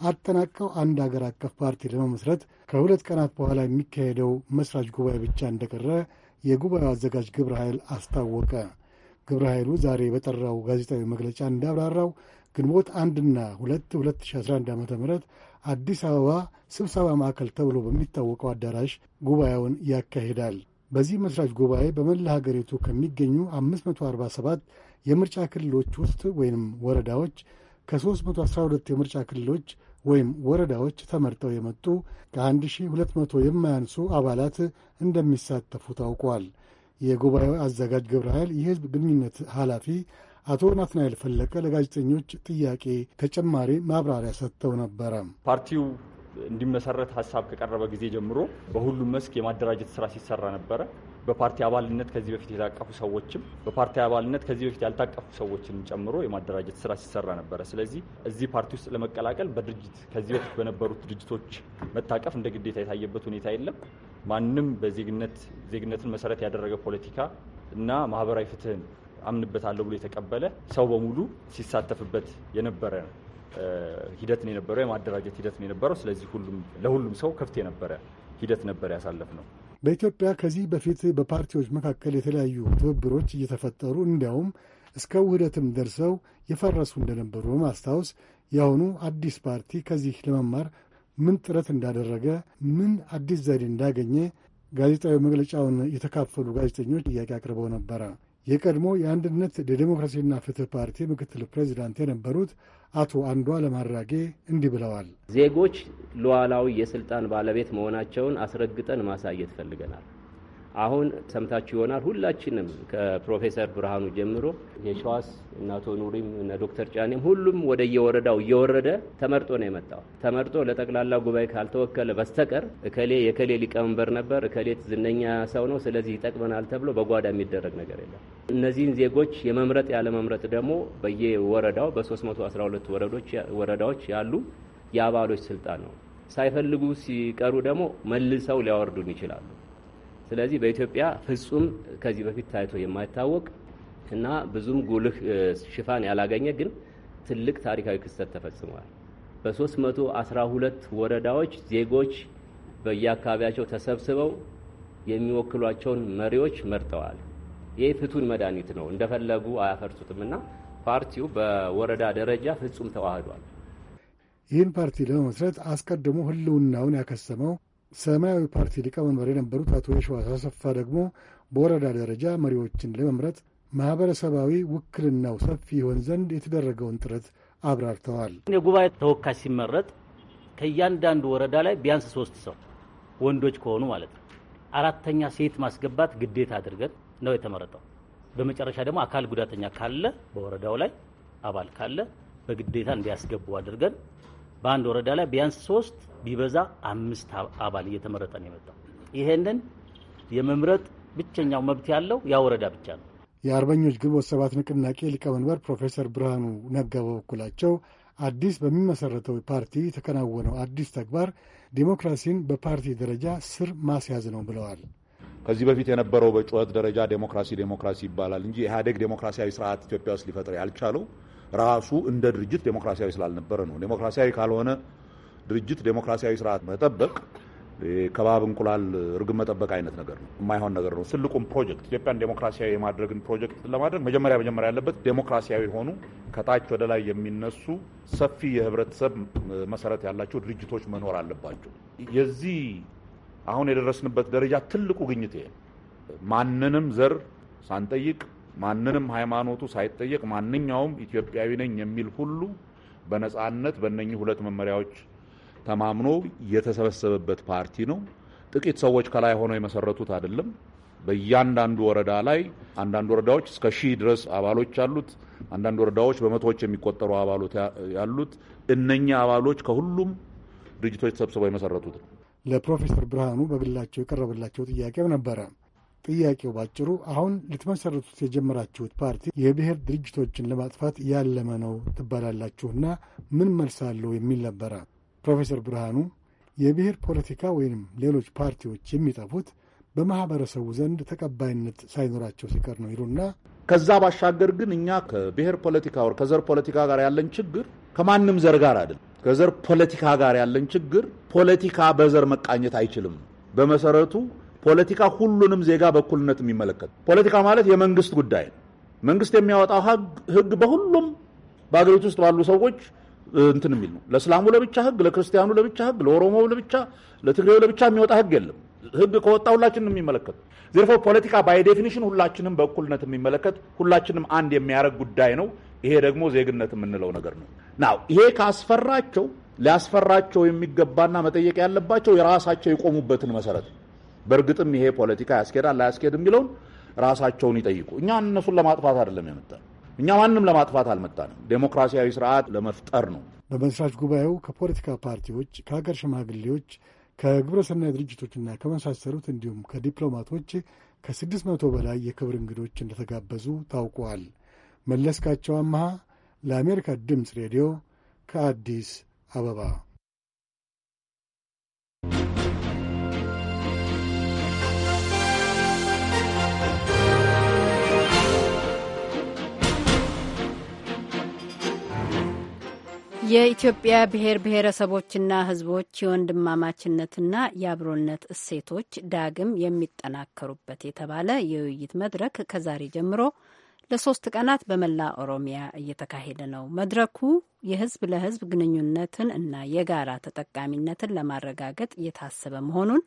[SPEAKER 13] አጠናቀው አንድ ሀገር አቀፍ ፓርቲ ለመመስረት ከሁለት ቀናት በኋላ የሚካሄደው መስራች ጉባኤ ብቻ እንደቀረ የጉባኤው አዘጋጅ ግብረ ኃይል አስታወቀ። ግብረ ኃይሉ ዛሬ በጠራው ጋዜጣዊ መግለጫ እንዳብራራው ግንቦት አንድና ሁለት 2011 ዓ ም አዲስ አበባ ስብሰባ ማዕከል ተብሎ በሚታወቀው አዳራሽ ጉባኤውን ያካሂዳል። በዚህ መስራች ጉባኤ በመላ ሀገሪቱ ከሚገኙ 547 የምርጫ ክልሎች ውስጥ ወይም ወረዳዎች ከ312 የምርጫ ክልሎች ወይም ወረዳዎች ተመርጠው የመጡ ከ1200 የማያንሱ አባላት እንደሚሳተፉ ታውቋል። የጉባኤው አዘጋጅ ግብረ ኃይል የህዝብ ግንኙነት ኃላፊ አቶ ናትናኤል ፈለቀ ለጋዜጠኞች ጥያቄ ተጨማሪ ማብራሪያ ሰጥተው ነበረ።
[SPEAKER 4] ፓርቲው እንዲመሰረት ሀሳብ ከቀረበ ጊዜ ጀምሮ በሁሉም መስክ የማደራጀት ስራ ሲሰራ ነበረ። በፓርቲ አባልነት ከዚህ በፊት የታቀፉ ሰዎችም በፓርቲ አባልነት ከዚህ በፊት ያልታቀፉ ሰዎችን ጨምሮ የማደራጀት ስራ ሲሰራ ነበረ። ስለዚህ እዚህ ፓርቲ ውስጥ ለመቀላቀል በድርጅት ከዚህ በፊት በነበሩት ድርጅቶች መታቀፍ እንደ ግዴታ የታየበት ሁኔታ የለም። ማንም በዜግነት ዜግነትን መሰረት ያደረገ ፖለቲካ እና ማህበራዊ ፍትህን አምንበታለሁ ብሎ የተቀበለ ሰው በሙሉ ሲሳተፍበት የነበረ ሂደት ነው የነበረው። የማደራጀት ሂደት ነው የነበረው። ስለዚህ ለሁሉም ሰው ክፍት የነበረ ሂደት ነበር ያሳለፍ ነው።
[SPEAKER 13] በኢትዮጵያ ከዚህ በፊት በፓርቲዎች መካከል የተለያዩ ትብብሮች እየተፈጠሩ እንዲያውም እስከ ውህደትም ደርሰው የፈረሱ እንደነበሩ በማስታወስ የአሁኑ አዲስ ፓርቲ ከዚህ ለመማር ምን ጥረት እንዳደረገ፣ ምን አዲስ ዘዴ እንዳገኘ ጋዜጣዊ መግለጫውን የተካፈሉ ጋዜጠኞች ጥያቄ አቅርበው ነበረ። የቀድሞ የአንድነት ለዴሞክራሲና ፍትህ ፓርቲ ምክትል ፕሬዚዳንት የነበሩት አቶ አንዷለም አራጌ እንዲህ ብለዋል።
[SPEAKER 14] ዜጎች ሉዓላዊ የስልጣን ባለቤት መሆናቸውን አስረግጠን ማሳየት ፈልገናል። አሁን ሰምታችሁ ይሆናል ሁላችንም ከፕሮፌሰር ብርሃኑ ጀምሮ የሸዋስ እነ አቶ ኑሪም እነ ዶክተር ጫኔም ሁሉም ወደ የወረዳው እየወረደ ተመርጦ ነው የመጣው። ተመርጦ ለጠቅላላ ጉባኤ ካልተወከለ በስተቀር እከሌ የከሌ ሊቀመንበር ነበር፣ እከሌ ዝነኛ ሰው ነው፣ ስለዚህ ይጠቅመናል ተብሎ በጓዳ የሚደረግ ነገር የለም። እነዚህን ዜጎች የመምረጥ ያለመምረጥ ደግሞ በየወረዳው በ312 ወረዳዎች ያሉ የአባሎች ስልጣን ነው። ሳይፈልጉ ሲቀሩ ደግሞ መልሰው ሊያወርዱን ይችላሉ። ስለዚህ በኢትዮጵያ ፍጹም ከዚህ በፊት ታይቶ የማይታወቅ እና ብዙም ጉልህ ሽፋን ያላገኘ ግን ትልቅ ታሪካዊ ክስተት ተፈጽሟል። በ312 ወረዳዎች ዜጎች በየአካባቢያቸው ተሰብስበው የሚወክሏቸውን መሪዎች መርጠዋል። ይህ ፍቱን መድኃኒት ነው፣ እንደፈለጉ አያፈርሱትም እና ፓርቲው በወረዳ ደረጃ ፍጹም ተዋህዷል።
[SPEAKER 13] ይህን ፓርቲ ለመመስረት አስቀድሞ ህልውናውን ያከሰመው ሰማያዊ ፓርቲ ሊቀመንበር የነበሩት አቶ የሸዋስ አሰፋ ደግሞ በወረዳ ደረጃ መሪዎችን ለመምረጥ ማህበረሰባዊ ውክልናው ሰፊ ይሆን ዘንድ የተደረገውን ጥረት አብራርተዋል።
[SPEAKER 14] የጉባኤ ተወካይ ሲመረጥ ከእያንዳንዱ ወረዳ ላይ ቢያንስ ሶስት ሰው ወንዶች ከሆኑ ማለት ነው። አራተኛ ሴት ማስገባት ግዴታ አድርገን ነው የተመረጠው። በመጨረሻ ደግሞ አካል ጉዳተኛ ካለ በወረዳው ላይ አባል ካለ በግዴታ እንዲያስገቡ አድርገን በአንድ ወረዳ ላይ ቢያንስ ሶስት ቢበዛ አምስት አባል እየተመረጠ ነው የመጣው። ይሄንን የመምረጥ ብቸኛው መብት ያለው ያ ወረዳ ብቻ ነው።
[SPEAKER 13] የአርበኞች ግንቦት ሰባት ንቅናቄ ሊቀመንበር ፕሮፌሰር ብርሃኑ ነጋ በበኩላቸው አዲስ በሚመሰረተው ፓርቲ የተከናወነው አዲስ ተግባር ዴሞክራሲን በፓርቲ ደረጃ ስር ማስያዝ ነው ብለዋል።
[SPEAKER 6] ከዚህ በፊት የነበረው በጩኸት ደረጃ ዴሞክራሲ ዴሞክራሲ ይባላል እንጂ ኢህአዴግ ዴሞክራሲያዊ ስርዓት ኢትዮጵያ ውስጥ ሊፈጥር ያልቻለው ራሱ እንደ ድርጅት ዴሞክራሲያዊ ስላልነበረ ነው። ዴሞክራሲያዊ ካልሆነ ድርጅት ዴሞክራሲያዊ ስርዓት መጠበቅ ከባብ እንቁላል ርግብ መጠበቅ አይነት ነገር ነው፣ የማይሆን ነገር ነው። ትልቁም ፕሮጀክት ኢትዮጵያን ዴሞክራሲያዊ የማድረግን ፕሮጀክት ለማድረግ መጀመሪያ መጀመሪያ ያለበት ዴሞክራሲያዊ የሆኑ ከታች ወደ ላይ የሚነሱ ሰፊ የህብረተሰብ መሰረት ያላቸው ድርጅቶች መኖር አለባቸው። የዚህ አሁን የደረስንበት ደረጃ ትልቁ ግኝት ማንንም ዘር ሳንጠይቅ ማንንም ሃይማኖቱ ሳይጠየቅ ማንኛውም ኢትዮጵያዊ ነኝ የሚል ሁሉ በነጻነት በእነኚህ ሁለት መመሪያዎች ተማምኖ የተሰበሰበበት ፓርቲ ነው። ጥቂት ሰዎች ከላይ ሆነው የመሰረቱት አይደለም። በእያንዳንዱ ወረዳ ላይ አንዳንድ ወረዳዎች እስከ ሺህ ድረስ አባሎች ያሉት፣ አንዳንድ ወረዳዎች በመቶዎች የሚቆጠሩ አባሎት ያሉት እነኛ አባሎች ከሁሉም ድርጅቶች ተሰብስበው የመሰረቱት ነው።
[SPEAKER 13] ለፕሮፌሰር ብርሃኑ በግላቸው የቀረበላቸው ጥያቄም ነበረ ጥያቄው ባጭሩ አሁን ልትመሰረቱት የጀመራችሁት ፓርቲ የብሔር ድርጅቶችን ለማጥፋት ያለመ ነው ትባላላችሁና ምን አለው የሚል ነበረ። ፕሮፌሰር ብርሃኑ የብሔር ፖለቲካ ወይንም ሌሎች ፓርቲዎች የሚጠፉት በማህበረሰቡ
[SPEAKER 6] ዘንድ ተቀባይነት ሳይኖራቸው ሲቀር ነው ይሉና ከዛ ባሻገር ግን እኛ ከብሔር ፖለቲካ ወር ከዘር ፖለቲካ ጋር ያለን ችግር ከማንም ዘር ጋር አይደለም። ከዘር ፖለቲካ ጋር ያለን ችግር ፖለቲካ በዘር መቃኘት አይችልም። በመሰረቱ ፖለቲካ ሁሉንም ዜጋ በእኩልነት የሚመለከት ፖለቲካ ማለት የመንግስት ጉዳይ ነው። መንግስት የሚያወጣው ህግ በሁሉም በሀገሪቱ ውስጥ ባሉ ሰዎች እንትን የሚል ነው። ለእስላሙ ለብቻ ህግ፣ ለክርስቲያኑ ለብቻ ህግ፣ ለኦሮሞው ለብቻ፣ ለትግሬው ለብቻ የሚወጣ ህግ የለም። ህግ ከወጣ ሁላችንም የሚመለከት ዘርፎ ፖለቲካ ባይ ዴፊኒሽን ሁላችንም በእኩልነት የሚመለከት ሁላችንም አንድ የሚያደርግ ጉዳይ ነው። ይሄ ደግሞ ዜግነት የምንለው ነገር ነው። ናው ይሄ ካስፈራቸው ሊያስፈራቸው የሚገባና መጠየቅ ያለባቸው የራሳቸው የቆሙበትን መሰረት በእርግጥም ይሄ ፖለቲካ ያስኬዳል ላያስኬድ የሚለውን ራሳቸውን ይጠይቁ። እኛ እነሱን ለማጥፋት አይደለም የመጣ እኛ ማንም ለማጥፋት አልመጣንም። ዴሞክራሲያዊ ስርዓት ለመፍጠር ነው።
[SPEAKER 13] በመስራች ጉባኤው ከፖለቲካ ፓርቲዎች፣ ከሀገር ሽማግሌዎች፣ ከግብረሰናይ ድርጅቶችና ከመሳሰሉት እንዲሁም ከዲፕሎማቶች ከስድስት መቶ በላይ የክብር እንግዶች እንደተጋበዙ ታውቋል። መለስካቸው አምሃ ለአሜሪካ ድምፅ ሬዲዮ ከአዲስ አበባ
[SPEAKER 2] የኢትዮጵያ ብሔር ብሔረሰቦችና ሕዝቦች የወንድማማችነትና የአብሮነት እሴቶች ዳግም የሚጠናከሩበት የተባለ የውይይት መድረክ ከዛሬ ጀምሮ ለሶስት ቀናት በመላ ኦሮሚያ እየተካሄደ ነው። መድረኩ የህዝብ ለህዝብ ግንኙነትን እና የጋራ ተጠቃሚነትን ለማረጋገጥ የታሰበ መሆኑን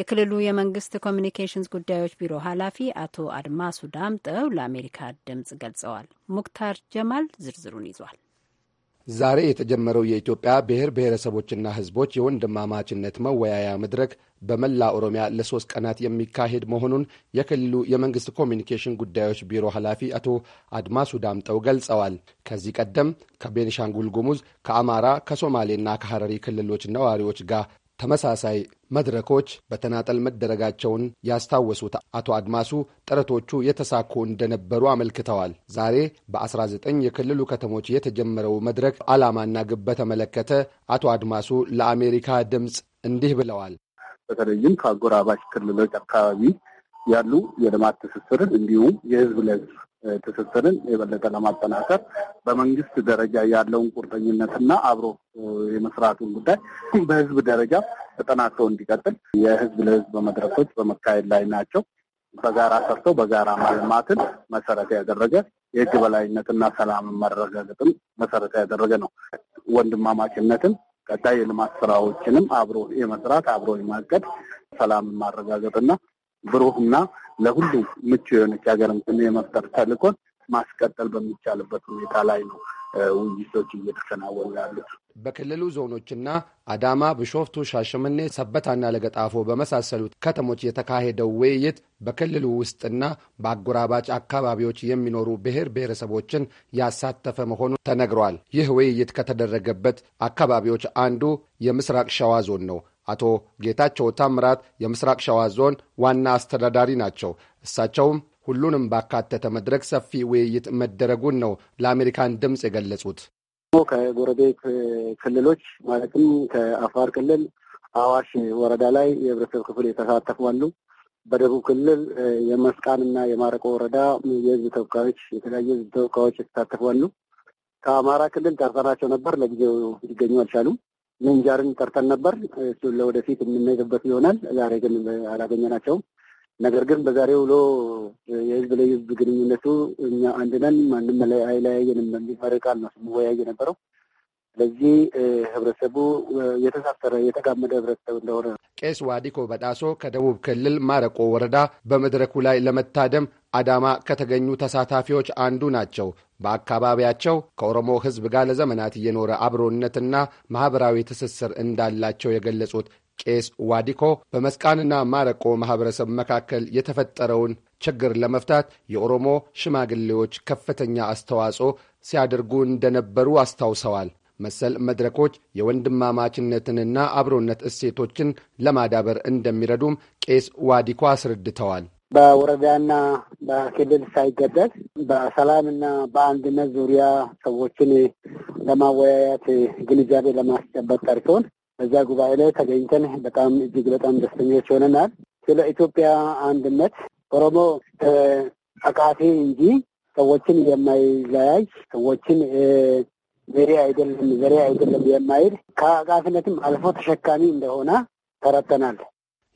[SPEAKER 2] የክልሉ የመንግስት ኮሚኒኬሽንስ ጉዳዮች ቢሮ ኃላፊ አቶ አድማሱ ዳምጠው ለአሜሪካ ድምጽ ገልጸዋል። ሙክታር ጀማል ዝርዝሩን ይዟል።
[SPEAKER 15] ዛሬ የተጀመረው የኢትዮጵያ ብሔር ብሔረሰቦችና ሕዝቦች የወንድማማችነት መወያያ መድረክ በመላ ኦሮሚያ ለሶስት ቀናት የሚካሄድ መሆኑን የክልሉ የመንግስት ኮሚኒኬሽን ጉዳዮች ቢሮ ኃላፊ አቶ አድማሱ ዳምጠው ገልጸዋል። ከዚህ ቀደም ከቤኒሻንጉል ጉሙዝ፣ ከአማራ፣ ከሶማሌና ከሐረሪ ክልሎች ነዋሪዎች ጋር ተመሳሳይ መድረኮች በተናጠል መደረጋቸውን ያስታወሱት አቶ አድማሱ ጥረቶቹ የተሳኩ እንደነበሩ አመልክተዋል። ዛሬ በ19 የክልሉ ከተሞች የተጀመረው መድረክ ዓላማና ግብ በተመለከተ አቶ አድማሱ ለአሜሪካ ድምፅ እንዲህ ብለዋል።
[SPEAKER 11] በተለይም ከአጎራባች ክልሎች አካባቢ ያሉ የልማት ትስስርን እንዲሁም የህዝብ ለህዝብ ትስስርን የበለጠ ለማጠናከር በመንግስት ደረጃ ያለውን ቁርጠኝነትና አብሮ የመስራቱን ጉዳይ በህዝብ ደረጃ ተጠናክሮ እንዲቀጥል የህዝብ ለህዝብ መድረኮች በመካሄድ ላይ ናቸው። በጋራ ሰርተው በጋራ ማልማትን መሰረት ያደረገ የህግ በላይነትና ሰላምን መረጋገጥን መሰረት ያደረገ ነው። ወንድማማችነትን ቀጣይ የልማት ስራዎችንም አብሮ የመስራት አብሮ የማቀድ ሰላምን ማረጋገጥና ብሩህና ለሁሉ ምቹ የሆነች ሀገር የመፍጠር ተልእኮን ማስቀጠል በሚቻልበት ሁኔታ ላይ ነው ውይይቶች እየተከናወኑ ያሉት።
[SPEAKER 15] በክልሉ ዞኖችና አዳማ፣ ብሾፍቱ፣ ሻሸመኔ፣ ሰበታና ለገጣፎ በመሳሰሉት ከተሞች የተካሄደው ውይይት በክልሉ ውስጥና በአጎራባጭ አካባቢዎች የሚኖሩ ብሔር ብሔረሰቦችን ያሳተፈ መሆኑ ተነግሯል። ይህ ውይይት ከተደረገበት አካባቢዎች አንዱ የምስራቅ ሸዋ ዞን ነው። አቶ ጌታቸው ታምራት የምስራቅ ሸዋ ዞን ዋና አስተዳዳሪ ናቸው። እሳቸውም ሁሉንም ባካተተ መድረክ ሰፊ ውይይት መደረጉን ነው ለአሜሪካን ድምፅ የገለጹት።
[SPEAKER 11] ከጎረቤት ክልሎች ማለትም ከአፋር ክልል አዋሽ ወረዳ ላይ የህብረተሰብ ክፍል የተሳተፉ አሉ። በደቡብ ክልል የመስቃንና የማረቆ ወረዳ የህዝብ ተወካዮች የተለያዩ ህዝብ ተወካዮች የተሳተፉ አሉ። ከአማራ ክልል ጠርተናቸው ነበር፣ ለጊዜው ሊገኙ አልቻሉም። ሜንጃርን ጠርተን ነበር። እሱን ለወደፊት የምንሄድበት ይሆናል። ዛሬ ግን አላገኘናቸውም። ነገር ግን በዛሬ ውሎ የህዝብ ለህዝብ ግንኙነቱ እኛ አንድ ነን፣ ማንም አይለያየንም በሚል ቃል ነው ስንወያይ የነበረው። ለዚህ ህብረተሰቡ የተሳሰረ
[SPEAKER 15] የተጋመደ ህብረተሰብ እንደሆነ ቄስ ዋዲኮ በጣሶ ከደቡብ ክልል ማረቆ ወረዳ በመድረኩ ላይ ለመታደም አዳማ ከተገኙ ተሳታፊዎች አንዱ ናቸው። በአካባቢያቸው ከኦሮሞ ህዝብ ጋር ለዘመናት እየኖረ አብሮነትና ማኅበራዊ ትስስር እንዳላቸው የገለጹት ቄስ ዋዲኮ በመስቃንና ማረቆ ማኅበረሰብ መካከል የተፈጠረውን ችግር ለመፍታት የኦሮሞ ሽማግሌዎች ከፍተኛ አስተዋጽኦ ሲያደርጉ እንደነበሩ አስታውሰዋል። መሰል መድረኮች የወንድማማችነትንና አብሮነት እሴቶችን ለማዳበር እንደሚረዱም ቄስ ዋዲኮ አስረድተዋል።
[SPEAKER 11] በወረዳና በክልል ሳይገደል በሰላምና በአንድነት ዙሪያ ሰዎችን ለማወያየት ግንዛቤ ለማስጨበጥ ጠርቶን በዛ ጉባኤ ላይ ተገኝተን በጣም እጅግ በጣም ደስተኞች ሆነናል። ስለ ኢትዮጵያ አንድነት ኦሮሞ አቃፊ እንጂ ሰዎችን የማይለያይ ሰዎችን ዘሬ አይደለም ዘሬ አይደለም የማይል ከአቃፊነትም አልፎ
[SPEAKER 15] ተሸካሚ እንደሆነ ተረተናል።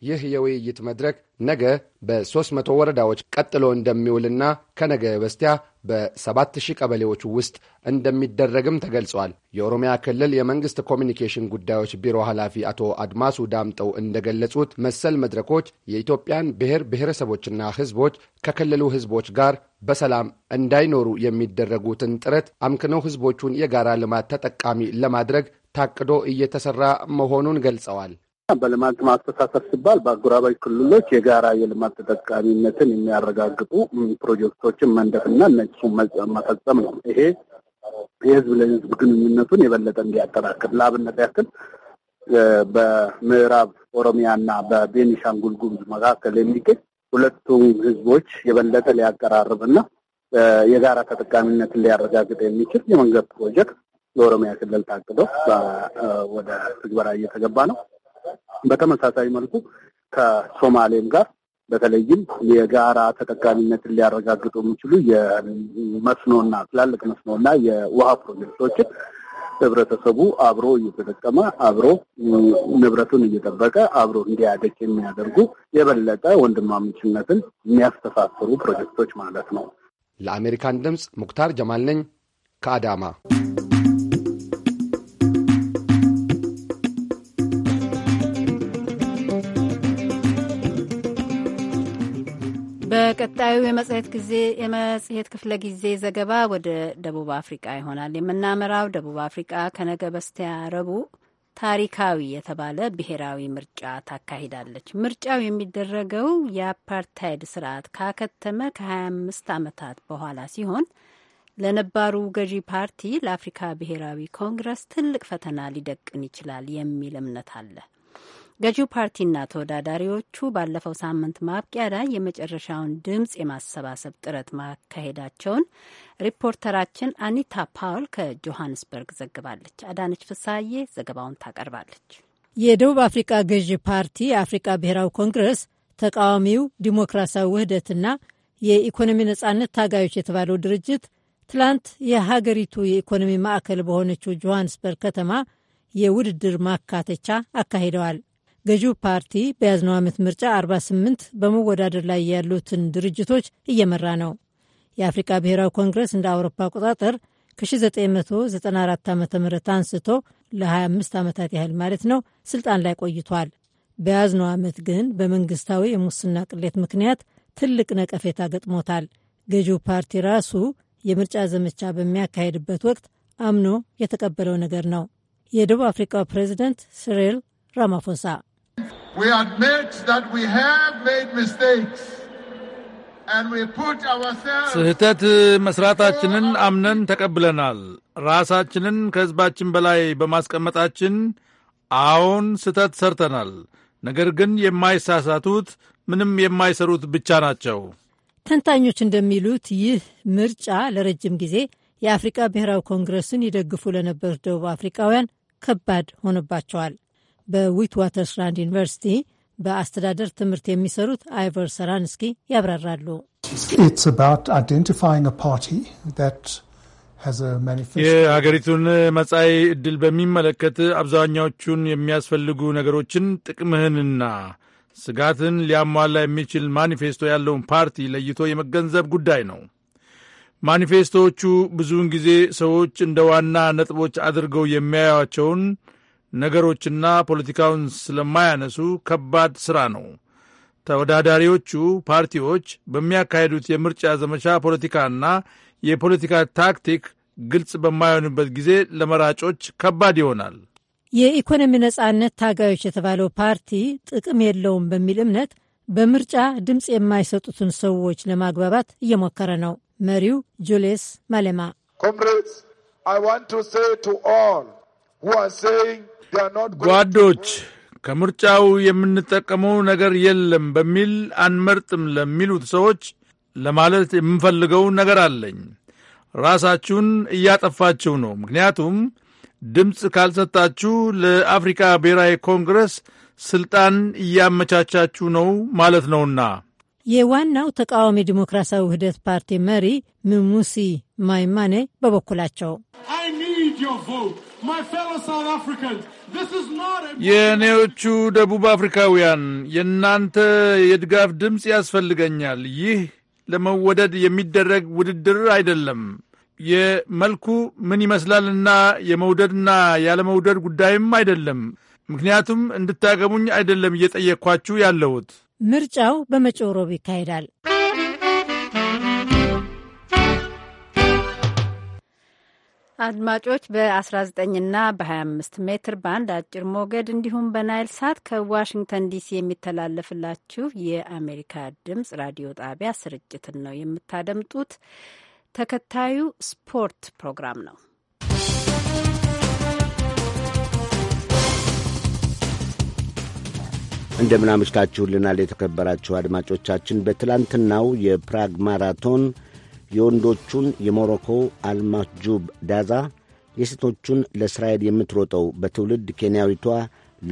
[SPEAKER 15] ይህ የውይይት መድረክ ነገ በ300 ወረዳዎች ቀጥሎ እንደሚውልና ከነገ በስቲያ በ7000 ቀበሌዎች ውስጥ እንደሚደረግም ተገልጿል። የኦሮሚያ ክልል የመንግሥት ኮሚኒኬሽን ጉዳዮች ቢሮ ኃላፊ አቶ አድማሱ ዳምጠው እንደገለጹት መሰል መድረኮች የኢትዮጵያን ብሔር ብሔረሰቦችና ሕዝቦች ከክልሉ ሕዝቦች ጋር በሰላም እንዳይኖሩ የሚደረጉትን ጥረት አምክነው ሕዝቦቹን የጋራ ልማት ተጠቃሚ ለማድረግ ታቅዶ እየተሠራ መሆኑን ገልጸዋል።
[SPEAKER 11] በልማት ማስተሳሰር ሲባል በአጎራባች ክልሎች የጋራ የልማት ተጠቃሚነትን የሚያረጋግጡ ፕሮጀክቶችን መንደፍና እነሱን መፈጸም ነው። ይሄ የህዝብ ለህዝብ ግንኙነቱን የበለጠ እንዲያጠናክር ለአብነት ያክል በምዕራብ ኦሮሚያና በቤኒሻንጉል ጉሙዝ መካከል የሚገኝ ሁለቱም ህዝቦች የበለጠ ሊያቀራርብና የጋራ ተጠቃሚነትን ሊያረጋግጥ የሚችል የመንገድ ፕሮጀክት ለኦሮሚያ ክልል ታቅዶ ወደ ትግበራ እየተገባ ነው። በተመሳሳይ መልኩ ከሶማሌም ጋር በተለይም የጋራ ተጠቃሚነትን ሊያረጋግጡ የሚችሉ የመስኖና ትላልቅ መስኖና የውሃ ፕሮጀክቶችን ህብረተሰቡ አብሮ እየተጠቀመ አብሮ ንብረቱን እየጠበቀ አብሮ እንዲያደግ የሚያደርጉ የበለጠ ወንድማምችነትን
[SPEAKER 15] የሚያስተሳስሩ ፕሮጀክቶች ማለት ነው። ለአሜሪካን ድምፅ ሙክታር ጀማል ነኝ ከአዳማ።
[SPEAKER 2] በቀጣዩ የመጽሔት ጊዜ የመጽሔት ክፍለ ጊዜ ዘገባ ወደ ደቡብ አፍሪቃ ይሆናል የምናመራው። ደቡብ አፍሪቃ ከነገ በስቲያ ረቡዕ ታሪካዊ የተባለ ብሔራዊ ምርጫ ታካሂዳለች። ምርጫው የሚደረገው የአፓርታይድ ስርዓት ካከተመ ከ25 ዓመታት በኋላ ሲሆን ለነባሩ ገዢ ፓርቲ ለአፍሪካ ብሔራዊ ኮንግረስ ትልቅ ፈተና ሊደቅን ይችላል የሚል እምነት አለ። ገዢው ፓርቲና ተወዳዳሪዎቹ ባለፈው ሳምንት ማብቂያ ላይ የመጨረሻውን ድምፅ የማሰባሰብ ጥረት ማካሄዳቸውን ሪፖርተራችን አኒታ ፓውል ከጆሃንስበርግ ዘግባለች። አዳነች ፍሳዬ ዘገባውን ታቀርባለች።
[SPEAKER 16] የደቡብ አፍሪቃ ገዢ ፓርቲ የአፍሪቃ ብሔራዊ ኮንግረስ ተቃዋሚው ዲሞክራሲያዊ ውህደትና የኢኮኖሚ ነጻነት ታጋዮች የተባለው ድርጅት ትላንት የሀገሪቱ የኢኮኖሚ ማዕከል በሆነችው ጆሃንስበርግ ከተማ የውድድር ማካተቻ አካሂደዋል። ገዢው ፓርቲ በያዝነው ዓመት ምርጫ 48 በመወዳደር ላይ ያሉትን ድርጅቶች እየመራ ነው። የአፍሪካ ብሔራዊ ኮንግረስ እንደ አውሮፓ አቆጣጠር ከ1994 ዓ ም አንስቶ ለ25 ዓመታት ያህል ማለት ነው ስልጣን ላይ ቆይቷል። በያዝነው ዓመት ግን በመንግስታዊ የሙስና ቅሌት ምክንያት ትልቅ ነቀፌታ ገጥሞታል። ገዢው ፓርቲ ራሱ የምርጫ ዘመቻ በሚያካሄድበት ወቅት አምኖ የተቀበለው ነገር ነው። የደቡብ አፍሪካው ፕሬዚደንት ሲሪል ራማፎሳ
[SPEAKER 5] ስህተት መስራታችንን አምነን ተቀብለናል። ራሳችንን ከሕዝባችን በላይ በማስቀመጣችን አዎን ስህተት ሰርተናል። ነገር ግን የማይሳሳቱት ምንም የማይሰሩት ብቻ ናቸው።
[SPEAKER 16] ተንታኞች እንደሚሉት ይህ ምርጫ ለረጅም ጊዜ የአፍሪቃ ብሔራዊ ኮንግረስን ይደግፉ ለነበሩት ደቡብ አፍሪቃውያን ከባድ ሆነባቸዋል። በዊት ዋተርስራንድ ዩኒቨርሲቲ በአስተዳደር ትምህርት የሚሰሩት አይቨር ሰራንስኪ ያብራራሉ።
[SPEAKER 5] የሀገሪቱን መጻኢ ዕድል በሚመለከት አብዛኛዎቹን የሚያስፈልጉ ነገሮችን ጥቅምህንና ስጋትን ሊያሟላ የሚችል ማኒፌስቶ ያለውን ፓርቲ ለይቶ የመገንዘብ ጉዳይ ነው። ማኒፌስቶዎቹ ብዙውን ጊዜ ሰዎች እንደ ዋና ነጥቦች አድርገው የሚያዩቸውን ነገሮችና ፖለቲካውን ስለማያነሱ ከባድ ሥራ ነው። ተወዳዳሪዎቹ ፓርቲዎች በሚያካሄዱት የምርጫ ዘመቻ ፖለቲካና የፖለቲካ ታክቲክ ግልጽ በማይሆንበት ጊዜ ለመራጮች ከባድ ይሆናል።
[SPEAKER 16] የኢኮኖሚ ነጻነት ታጋዮች የተባለው ፓርቲ ጥቅም የለውም በሚል እምነት በምርጫ ድምፅ የማይሰጡትን ሰዎች ለማግባባት እየሞከረ ነው። መሪው ጁሌስ ማሌማ
[SPEAKER 5] ኮምሬድስ አይ ዋንት ቱ ሴይ ቱ ኦል ሁ አር ሴይንግ ጓዶች ከምርጫው የምንጠቀመው ነገር የለም በሚል አንመርጥም ለሚሉት ሰዎች ለማለት የምንፈልገው ነገር አለኝ። ራሳችሁን እያጠፋችሁ ነው። ምክንያቱም ድምፅ ካልሰጣችሁ ለአፍሪካ ብሔራዊ ኮንግረስ ስልጣን እያመቻቻችሁ ነው ማለት ነውና።
[SPEAKER 16] የዋናው ተቃዋሚ ዲሞክራሲያዊ ውህደት ፓርቲ መሪ ምሙሲ ማይማኔ
[SPEAKER 5] በበኩላቸው የእኔዎቹ ደቡብ አፍሪካውያን የእናንተ የድጋፍ ድምፅ ያስፈልገኛል። ይህ ለመወደድ የሚደረግ ውድድር አይደለም። የመልኩ ምን ይመስላልና የመውደድና ያለመውደድ ጉዳይም አይደለም። ምክንያቱም እንድታገቡኝ አይደለም እየጠየቅኳችሁ ያለሁት።
[SPEAKER 16] ምርጫው በመጪው ሮብ ይካሄዳል።
[SPEAKER 2] አድማጮች በ19 ና በ25 ሜትር ባንድ አጭር ሞገድ እንዲሁም በናይል ሳት ከዋሽንግተን ዲሲ የሚተላለፍላችሁ የአሜሪካ ድምጽ ራዲዮ ጣቢያ ስርጭትን ነው የምታደምጡት። ተከታዩ ስፖርት ፕሮግራም ነው።
[SPEAKER 3] እንደምናመሽታችሁልናል የተከበራችሁ አድማጮቻችን። በትላንትናው የፕራግ ማራቶን የወንዶቹን የሞሮኮ አልማጁብ ዳዛ፣ የሴቶቹን ለእስራኤል የምትሮጠው በትውልድ ኬንያዊቷ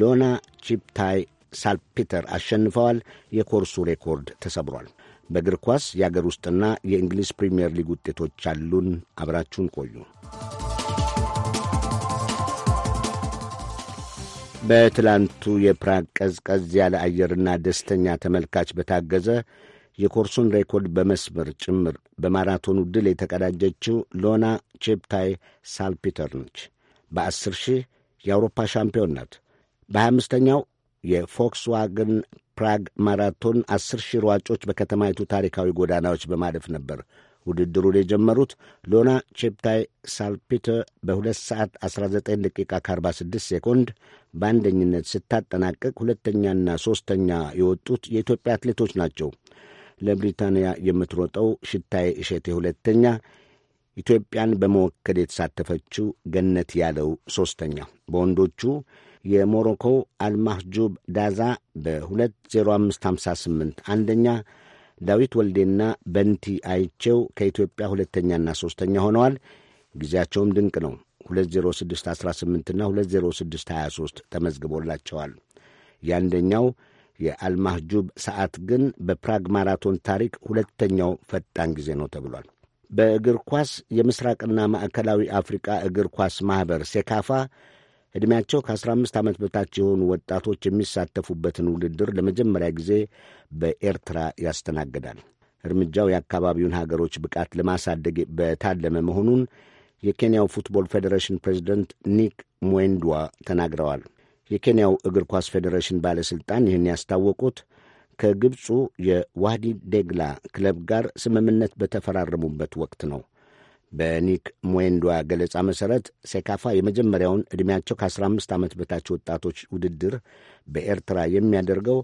[SPEAKER 3] ሎና ቺፕታይ ሳልፒተር አሸንፈዋል። የኮርሱ ሬኮርድ ተሰብሯል። በእግር ኳስ የአገር ውስጥና የእንግሊዝ ፕሪምየር ሊግ ውጤቶች አሉን። አብራችሁን ቆዩ። በትላንቱ የፕራግ ቀዝቀዝ ያለ አየርና ደስተኛ ተመልካች በታገዘ የኮርሱን ሬኮርድ በመስበር ጭምር በማራቶኑ ድል የተቀዳጀችው ሎና ቼፕታይ ሳልፒተር ነች። በ10 ሺህ የአውሮፓ ሻምፒዮን ናት። በ25ኛው የፎክስዋገን ፕራግ ማራቶን 10 ሺህ ሯጮች በከተማይቱ ታሪካዊ ጎዳናዎች በማለፍ ነበር ውድድሩን የጀመሩት። ሎና ቼፕታይ ሳልፒተር በ2 ሰዓት 19 ደቂቃ ከ46 ሴኮንድ በአንደኝነት ስታጠናቅቅ ሁለተኛና ሦስተኛ የወጡት የኢትዮጵያ አትሌቶች ናቸው። ለብሪታንያ የምትሮጠው ሽታዬ እሸቴ ሁለተኛ፣ ኢትዮጵያን በመወከል የተሳተፈችው ገነት ያለው ሦስተኛ። በወንዶቹ የሞሮኮው አልማህጁብ ዳዛ በ20558 አንደኛ፣ ዳዊት ወልዴና በንቲ አይቼው ከኢትዮጵያ ሁለተኛና ሦስተኛ ሆነዋል። ጊዜያቸውም ድንቅ ነው። 20618ና 20623 ተመዝግቦላቸዋል። የአንደኛው የአልማህጁብ ሰዓት ግን በፕራግ ማራቶን ታሪክ ሁለተኛው ፈጣን ጊዜ ነው ተብሏል። በእግር ኳስ የምስራቅና ማዕከላዊ አፍሪቃ እግር ኳስ ማኅበር ሴካፋ ዕድሜያቸው ከ15 ዓመት በታች የሆኑ ወጣቶች የሚሳተፉበትን ውድድር ለመጀመሪያ ጊዜ በኤርትራ ያስተናግዳል። እርምጃው የአካባቢውን ሀገሮች ብቃት ለማሳደግ በታለመ መሆኑን የኬንያው ፉትቦል ፌዴሬሽን ፕሬዚደንት ኒክ ሙዌንድዋ ተናግረዋል። የኬንያው እግር ኳስ ፌዴሬሽን ባለሥልጣን ይህን ያስታወቁት ከግብፁ የዋህዲ ዴግላ ክለብ ጋር ስምምነት በተፈራረሙበት ወቅት ነው። በኒክ ሞዌንዷ ገለጻ መሠረት ሴካፋ የመጀመሪያውን ዕድሜያቸው ከ15 ዓመት በታች ወጣቶች ውድድር በኤርትራ የሚያደርገው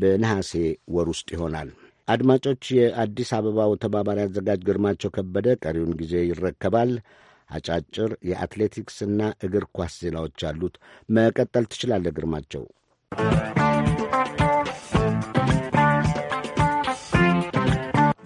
[SPEAKER 3] በነሐሴ ወር ውስጥ ይሆናል። አድማጮች፣ የአዲስ አበባው ተባባሪ አዘጋጅ ግርማቸው ከበደ ቀሪውን ጊዜ ይረከባል። አጫጭር የአትሌቲክስና እግር ኳስ ዜናዎች አሉት። መቀጠል ትችላለህ ግርማቸው።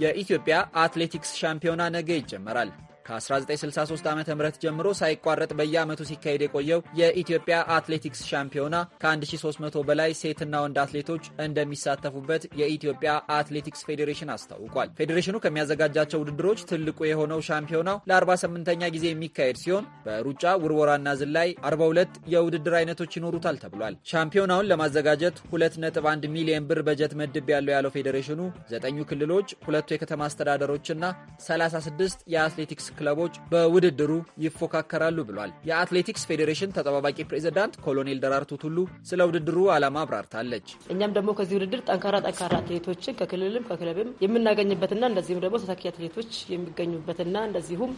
[SPEAKER 17] የኢትዮጵያ አትሌቲክስ ሻምፒዮና ነገ ይጀመራል። ከ1963 ዓ ም ጀምሮ ሳይቋረጥ በየዓመቱ ሲካሄድ የቆየው የኢትዮጵያ አትሌቲክስ ሻምፒዮና ከ1300 በላይ ሴትና ወንድ አትሌቶች እንደሚሳተፉበት የኢትዮጵያ አትሌቲክስ ፌዴሬሽን አስታውቋል። ፌዴሬሽኑ ከሚያዘጋጃቸው ውድድሮች ትልቁ የሆነው ሻምፒዮናው ለ48ኛ ጊዜ የሚካሄድ ሲሆን በሩጫ ውርወራና ዝላይ 42 የውድድር አይነቶች ይኖሩታል ተብሏል። ሻምፒዮናውን ለማዘጋጀት 2.1 ሚሊዮን ብር በጀት መድብ ያለው ያለው ፌዴሬሽኑ ዘጠኙ ክልሎች፣ ሁለቱ የከተማ አስተዳደሮችና 36 የአትሌቲክስ ክለቦች በውድድሩ ይፎካከራሉ ብሏል። የአትሌቲክስ ፌዴሬሽን ተጠባባቂ ፕሬዚዳንት ኮሎኔል ደራርቱ ቱሉ ስለ ውድድሩ ዓላማ አብራርታለች። እኛም ደግሞ ከዚህ ውድድር ጠንካራ ጠንካራ አትሌቶችን ከክልልም ከክለብም
[SPEAKER 16] የምናገኝበትና እንደዚሁም ደግሞ ተተኪ አትሌቶች የሚገኙበትና እንደዚሁም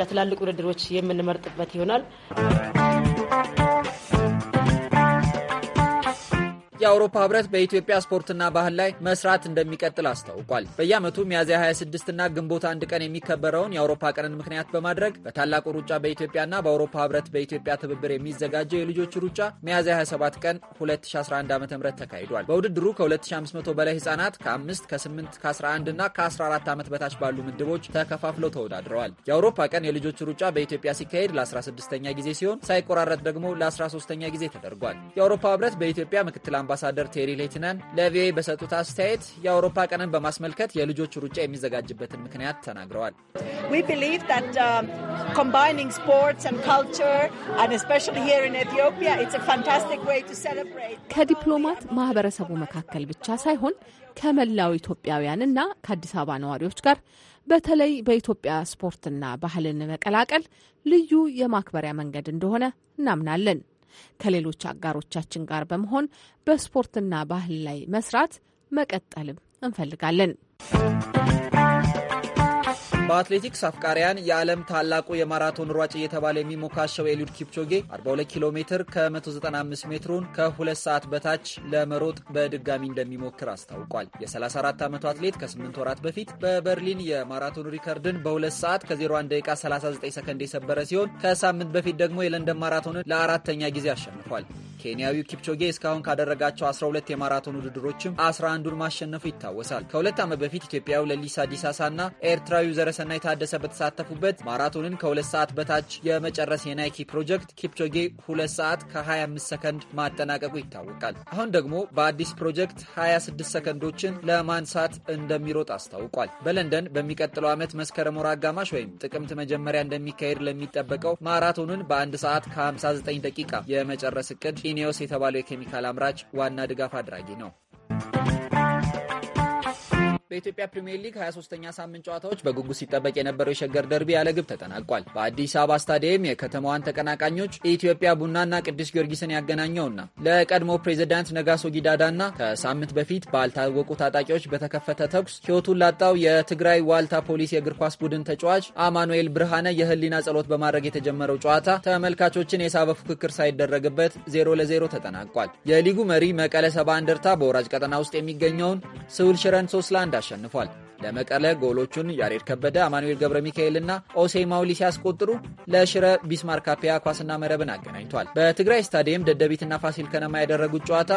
[SPEAKER 16] ለትላልቅ ውድድሮች የምንመርጥበት ይሆናል።
[SPEAKER 17] የአውሮፓ ህብረት በኢትዮጵያ ስፖርትና ባህል ላይ መስራት እንደሚቀጥል አስታውቋል። በየአመቱ ሚያዝያ 26ና ግንቦት አንድ ቀን የሚከበረውን የአውሮፓ ቀንን ምክንያት በማድረግ በታላቁ ሩጫ በኢትዮጵያና በአውሮፓ ህብረት በኢትዮጵያ ትብብር የሚዘጋጀው የልጆች ሩጫ ሚያዝያ 27 ቀን 2011 ዓ ም ተካሂዷል። በውድድሩ ከ2500 በላይ ህጻናት ከ5 ከ8 ከ11 እና ከ14 ዓመት በታች ባሉ ምድቦች ተከፋፍለው ተወዳድረዋል። የአውሮፓ ቀን የልጆች ሩጫ በኢትዮጵያ ሲካሄድ ለ16ኛ ጊዜ ሲሆን ሳይቆራረጥ ደግሞ ለ13ኛ ጊዜ ተደርጓል። የአውሮፓ ህብረት በኢትዮጵያ ምክትል አምባ አምባሳደር ቴሪ ሌትነን ለቪኦኤ በሰጡት አስተያየት የአውሮፓ ቀንን በማስመልከት የልጆች ሩጫ የሚዘጋጅበትን ምክንያት ተናግረዋል።
[SPEAKER 16] um,
[SPEAKER 2] ከዲፕሎማት ማህበረሰቡ መካከል ብቻ ሳይሆን ከመላው ኢትዮጵያውያንና ከአዲስ አበባ ነዋሪዎች ጋር በተለይ በኢትዮጵያ ስፖርትና ባህልን መቀላቀል ልዩ የማክበሪያ መንገድ እንደሆነ እናምናለን። ከሌሎች አጋሮቻችን ጋር በመሆን በስፖርትና ባህል ላይ መስራት መቀጠልም እንፈልጋለን።
[SPEAKER 17] በአትሌቲክስ አፍቃሪያን የዓለም ታላቁ የማራቶን ሯጭ እየተባለ የሚሞካሸው ኤሊድ ኪፕቾጌ 42 ኪሎ ሜትር ከ195 ሜትሩን ከሁለት ሰዓት በታች ለመሮጥ በድጋሚ እንደሚሞክር አስታውቋል። የ34 ዓመቱ አትሌት ከ8 ወራት በፊት በበርሊን የማራቶን ሪከርድን በ2 ሰዓት ከ01 ደቂቃ 39 ሰከንድ የሰበረ ሲሆን ከሳምንት በፊት ደግሞ የለንደን ማራቶንን ለአራተኛ ጊዜ አሸንፏል። ኬንያዊው ኪፕቾጌ እስካሁን ካደረጋቸው 12 የማራቶን ውድድሮችም 11ዱን ማሸነፉ ይታወሳል። ከሁለት ዓመት በፊት ኢትዮጵያዊው ለሊሳ ዲሳሳ እና ኤርትራዊው ዘረ ገብረሰናይ ታደሰ በተሳተፉበት ማራቶንን ከሁለት ሰዓት በታች የመጨረስ የናይኪ ፕሮጀክት ኪፕቾጌ ሁለት ሰዓት ከ25 ሰከንድ ማጠናቀቁ ይታወቃል። አሁን ደግሞ በአዲስ ፕሮጀክት 26 ሰከንዶችን ለማንሳት እንደሚሮጥ አስታውቋል። በለንደን በሚቀጥለው ዓመት መስከረም ወር አጋማሽ ወይም ጥቅምት መጀመሪያ እንደሚካሄድ ለሚጠበቀው ማራቶንን በአንድ ሰዓት ከ59 ደቂቃ የመጨረስ እቅድ ኢኔዮስ የተባለው የኬሚካል አምራች ዋና ድጋፍ አድራጊ ነው። በኢትዮጵያ ፕሪምየር ሊግ 23ኛ ሳምንት ጨዋታዎች በጉጉት ሲጠበቅ የነበረው የሸገር ደርቢ ያለ ግብ ተጠናቋል። በአዲስ አበባ ስታዲየም የከተማዋን ተቀናቃኞች ኢትዮጵያ ቡናና ቅዱስ ጊዮርጊስን ያገናኘውና ለቀድሞ ፕሬዚዳንት ነጋሶ ጊዳዳና ከሳምንት በፊት ባልታወቁ ታጣቂዎች በተከፈተ ተኩስ ሕይወቱን ላጣው የትግራይ ዋልታ ፖሊስ የእግር ኳስ ቡድን ተጫዋች አማኑኤል ብርሃነ የህሊና ጸሎት በማድረግ የተጀመረው ጨዋታ ተመልካቾችን የሳበ ፉክክር ሳይደረግበት 0 ለ0 ተጠናቋል። የሊጉ መሪ መቀለ ሰባ እንደርታ በወራጅ ቀጠና ውስጥ የሚገኘውን ስውል ሽረን 3 ለ1 አሸንፏል። ለመቀለ ጎሎቹን ያሬድ ከበደ፣ አማኑኤል ገብረ ሚካኤልና ኦሴ ማውሊ ሲያስቆጥሩ ለሽረ ቢስማር ካፒያ ኳስና መረብን አገናኝቷል። በትግራይ ስታዲየም ደደቢትና ፋሲል ከነማ ያደረጉት ጨዋታ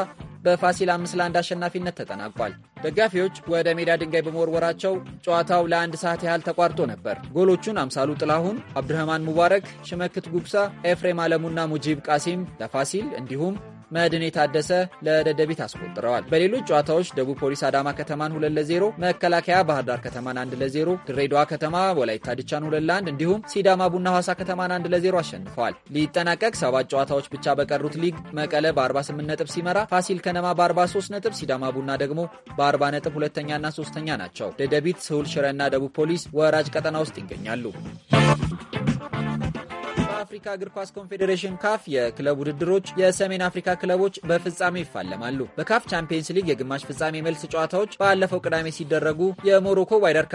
[SPEAKER 17] በፋሲል አምስት ለአንድ አሸናፊነት ተጠናቋል። ደጋፊዎች ወደ ሜዳ ድንጋይ በመወርወራቸው ጨዋታው ለአንድ ሰዓት ያህል ተቋርጦ ነበር። ጎሎቹን አምሳሉ ጥላሁን፣ አብዱረህማን ሙባረክ፣ ሽመክት ጉብሳ፣ ኤፍሬም አለሙና ሙጂብ ቃሲም ለፋሲል እንዲሁም መድን የታደሰ ለደደቢት አስቆጥረዋል። በሌሎች ጨዋታዎች ደቡብ ፖሊስ አዳማ ከተማን 2 ለ0፣ መከላከያ ባህር ዳር ከተማን 1 ለ0፣ ድሬዳዋ ከተማ ወላይታ ድቻን 2 ለ1 እንዲሁም ሲዳማ ቡና ሐዋሳ ከተማን 1 ለ0 አሸንፈዋል። ሊጠናቀቅ ሰባት ጨዋታዎች ብቻ በቀሩት ሊግ መቀለ በ48 ነጥብ ሲመራ፣ ፋሲል ከነማ በ43 ነጥብ፣ ሲዳማ ቡና ደግሞ በ40 ነጥብ ሁለተኛና ሶስተኛ ናቸው። ደደቢት፣ ስሁል ሽረና ደቡብ ፖሊስ ወራጅ ቀጠና ውስጥ ይገኛሉ። አፍሪካ እግር ኳስ ኮንፌዴሬሽን ካፍ የክለብ ውድድሮች የሰሜን አፍሪካ ክለቦች በፍጻሜ ይፋለማሉ። በካፍ ቻምፒየንስ ሊግ የግማሽ ፍጻሜ መልስ ጨዋታዎች ባለፈው ቅዳሜ ሲደረጉ የሞሮኮ ዋይዳር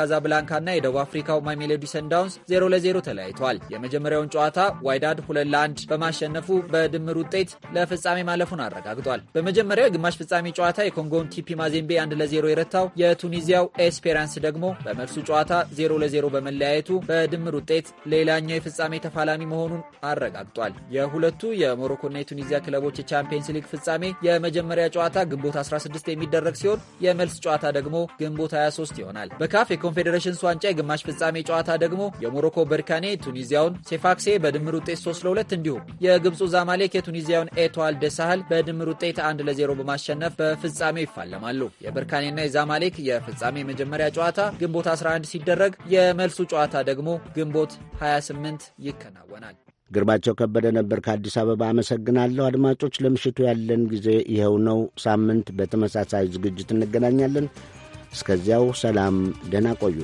[SPEAKER 17] ና የደቡብ አፍሪካው ማሜሎዲ ሰንዳውንስ 0 ለ0 ተለያይተዋል። የመጀመሪያውን ጨዋታ ዋይዳድ 2 ለ1 በማሸነፉ በድምር ውጤት ለፍጻሜ ማለፉን አረጋግጧል። በመጀመሪያው የግማሽ ፍጻሜ ጨዋታ የኮንጎውን ቲፒ ማዜምቤ 1 ለ0 የረታው የቱኒዚያው ኤስፔራንስ ደግሞ በመልሱ ጨዋታ 0 ለ0 በመለያየቱ በድምር ውጤት ሌላኛው የፍጻሜ ተፋላሚ መሆኑን አረጋግጧል። የሁለቱ የሞሮኮና የቱኒዚያ ክለቦች የቻምፒየንስ ሊግ ፍጻሜ የመጀመሪያ ጨዋታ ግንቦት 16 የሚደረግ ሲሆን የመልስ ጨዋታ ደግሞ ግንቦት 23 ይሆናል። በካፍ የኮንፌዴሬሽንስ ዋንጫ የግማሽ ፍጻሜ ጨዋታ ደግሞ የሞሮኮ በርካኔ ቱኒዚያውን ሴፋክሴ በድምር ውጤት 3 ለ2 እንዲሁም የግብፁ ዛማሌክ የቱኒዚያውን ኤቷል ደሳህል በድምር ውጤት 1 ለ0 በማሸነፍ በፍጻሜው ይፋለማሉ። የበርካኔና የዛማሌክ የፍጻሜ የመጀመሪያ ጨዋታ ግንቦት 11 ሲደረግ የመልሱ ጨዋታ ደግሞ ግንቦት 28 ይከናወናል።
[SPEAKER 3] ግርባቸው ከበደ ነበር ከአዲስ አበባ አመሰግናለሁ። አድማጮች፣ ለምሽቱ ያለን ጊዜ ይኸው ነው። ሳምንት በተመሳሳይ ዝግጅት እንገናኛለን። እስከዚያው ሰላም፣ ደህና ቆዩ።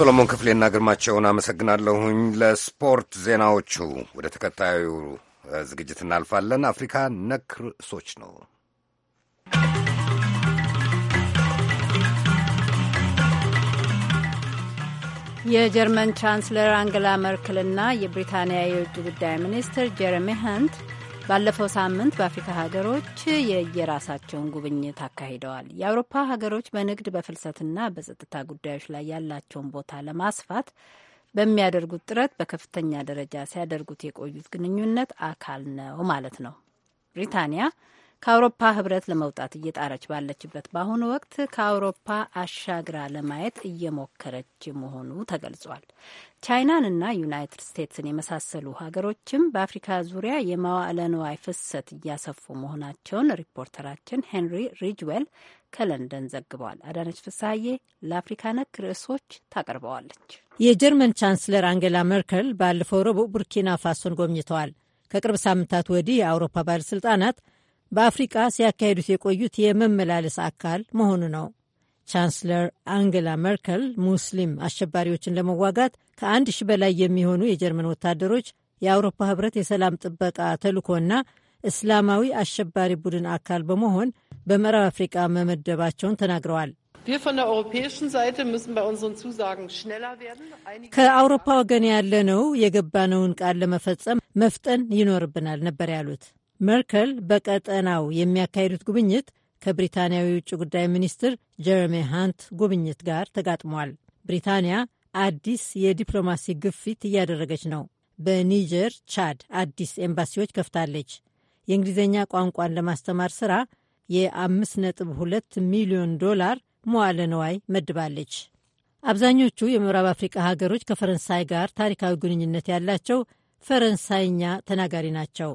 [SPEAKER 1] ሶሎሞን ክፍሌና ግርማቸውን አመሰግናለሁኝ። ለስፖርት ዜናዎቹ ወደ ተከታዩ ዝግጅት እናልፋለን። አፍሪካ ነክ ርዕሶች
[SPEAKER 2] ነው። የጀርመን ቻንስለር አንገላ መርክልና የብሪታንያ የውጭ ጉዳይ ሚኒስትር ጀረሚ ሀንት ባለፈው ሳምንት በአፍሪካ ሀገሮች የየራሳቸውን ጉብኝት አካሂደዋል። የአውሮፓ ሀገሮች በንግድ በፍልሰትና በጸጥታ ጉዳዮች ላይ ያላቸውን ቦታ ለማስፋት በሚያደርጉት ጥረት በከፍተኛ ደረጃ ሲያደርጉት የቆዩት ግንኙነት አካል ነው ማለት ነው። ብሪታንያ ከአውሮፓ ህብረት ለመውጣት እየጣረች ባለችበት በአሁኑ ወቅት ከአውሮፓ አሻግራ ለማየት እየሞከረች መሆኑ ተገልጿል። ቻይናንና ዩናይትድ ስቴትስን የመሳሰሉ ሀገሮችም በአፍሪካ ዙሪያ የመዋዕለ ንዋይ ፍሰት እያሰፉ መሆናቸውን ሪፖርተራችን ሄንሪ ሪጅዌል ከለንደን ዘግበዋል። አዳነች ፍሳሐዬ ለአፍሪካ ነክ ርዕሶች ታቀርበዋለች።
[SPEAKER 16] የጀርመን ቻንስለር አንጌላ ሜርከል ባለፈው ረቡዕ ቡርኪና ፋሶን ጎብኝተዋል። ከቅርብ ሳምንታት ወዲህ የአውሮፓ ባለሥልጣናት በአፍሪቃ ሲያካሄዱት የቆዩት የመመላለስ አካል መሆኑ ነው። ቻንስለር አንገላ መርከል ሙስሊም አሸባሪዎችን ለመዋጋት ከአንድ ሺህ በላይ የሚሆኑ የጀርመን ወታደሮች የአውሮፓ ህብረት የሰላም ጥበቃ ተልእኮና እስላማዊ አሸባሪ ቡድን አካል በመሆን በምዕራብ አፍሪቃ መመደባቸውን ተናግረዋል። ከአውሮፓ ወገን ያለነው የገባነውን ቃል ለመፈጸም መፍጠን ይኖርብናል ነበር ያሉት። መርከል በቀጠናው የሚያካሂዱት ጉብኝት ከብሪታንያዊ የውጭ ጉዳይ ሚኒስትር ጀረሚ ሃንት ጉብኝት ጋር ተጋጥሟል። ብሪታንያ አዲስ የዲፕሎማሲ ግፊት እያደረገች ነው። በኒጀር፣ ቻድ አዲስ ኤምባሲዎች ከፍታለች። የእንግሊዝኛ ቋንቋን ለማስተማር ሥራ የ5.2 ሚሊዮን ዶላር መዋለ ነዋይ መድባለች። አብዛኞቹ የምዕራብ አፍሪቃ ሀገሮች ከፈረንሳይ ጋር ታሪካዊ ግንኙነት ያላቸው ፈረንሳይኛ ተናጋሪ ናቸው።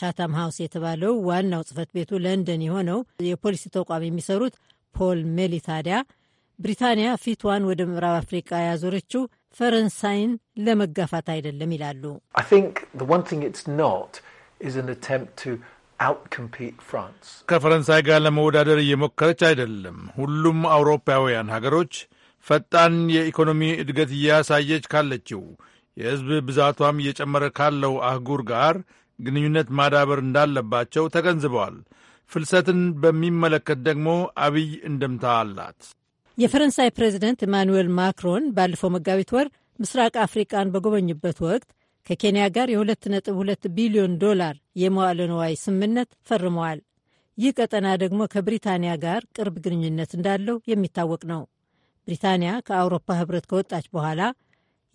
[SPEAKER 16] ቻታም ሃውስ የተባለው ዋናው ጽህፈት ቤቱ ለንደን የሆነው የፖሊሲ ተቋም የሚሰሩት ፖል ሜሊ ታዲያ ብሪታንያ ፊቷን ወደ ምዕራብ አፍሪቃ ያዞረችው ፈረንሳይን ለመጋፋት አይደለም
[SPEAKER 5] ይላሉ። ከፈረንሳይ ጋር ለመወዳደር እየሞከረች አይደለም። ሁሉም አውሮፓውያን ሀገሮች ፈጣን የኢኮኖሚ እድገት እያሳየች ካለችው የሕዝብ ብዛቷም እየጨመረ ካለው አህጉር ጋር ግንኙነት ማዳበር እንዳለባቸው ተገንዝበዋል። ፍልሰትን በሚመለከት ደግሞ አብይ እንደምታ አላት።
[SPEAKER 16] የፈረንሳይ ፕሬዚደንት ኢማኑዌል ማክሮን ባለፈው መጋቢት ወር ምስራቅ አፍሪቃን በጎበኙበት ወቅት ከኬንያ ጋር የ2.2 ቢሊዮን ዶላር የመዋለ ንዋይ ስምምነት ፈርመዋል። ይህ ቀጠና ደግሞ ከብሪታንያ ጋር ቅርብ ግንኙነት እንዳለው የሚታወቅ ነው። ብሪታንያ ከአውሮፓ ህብረት ከወጣች በኋላ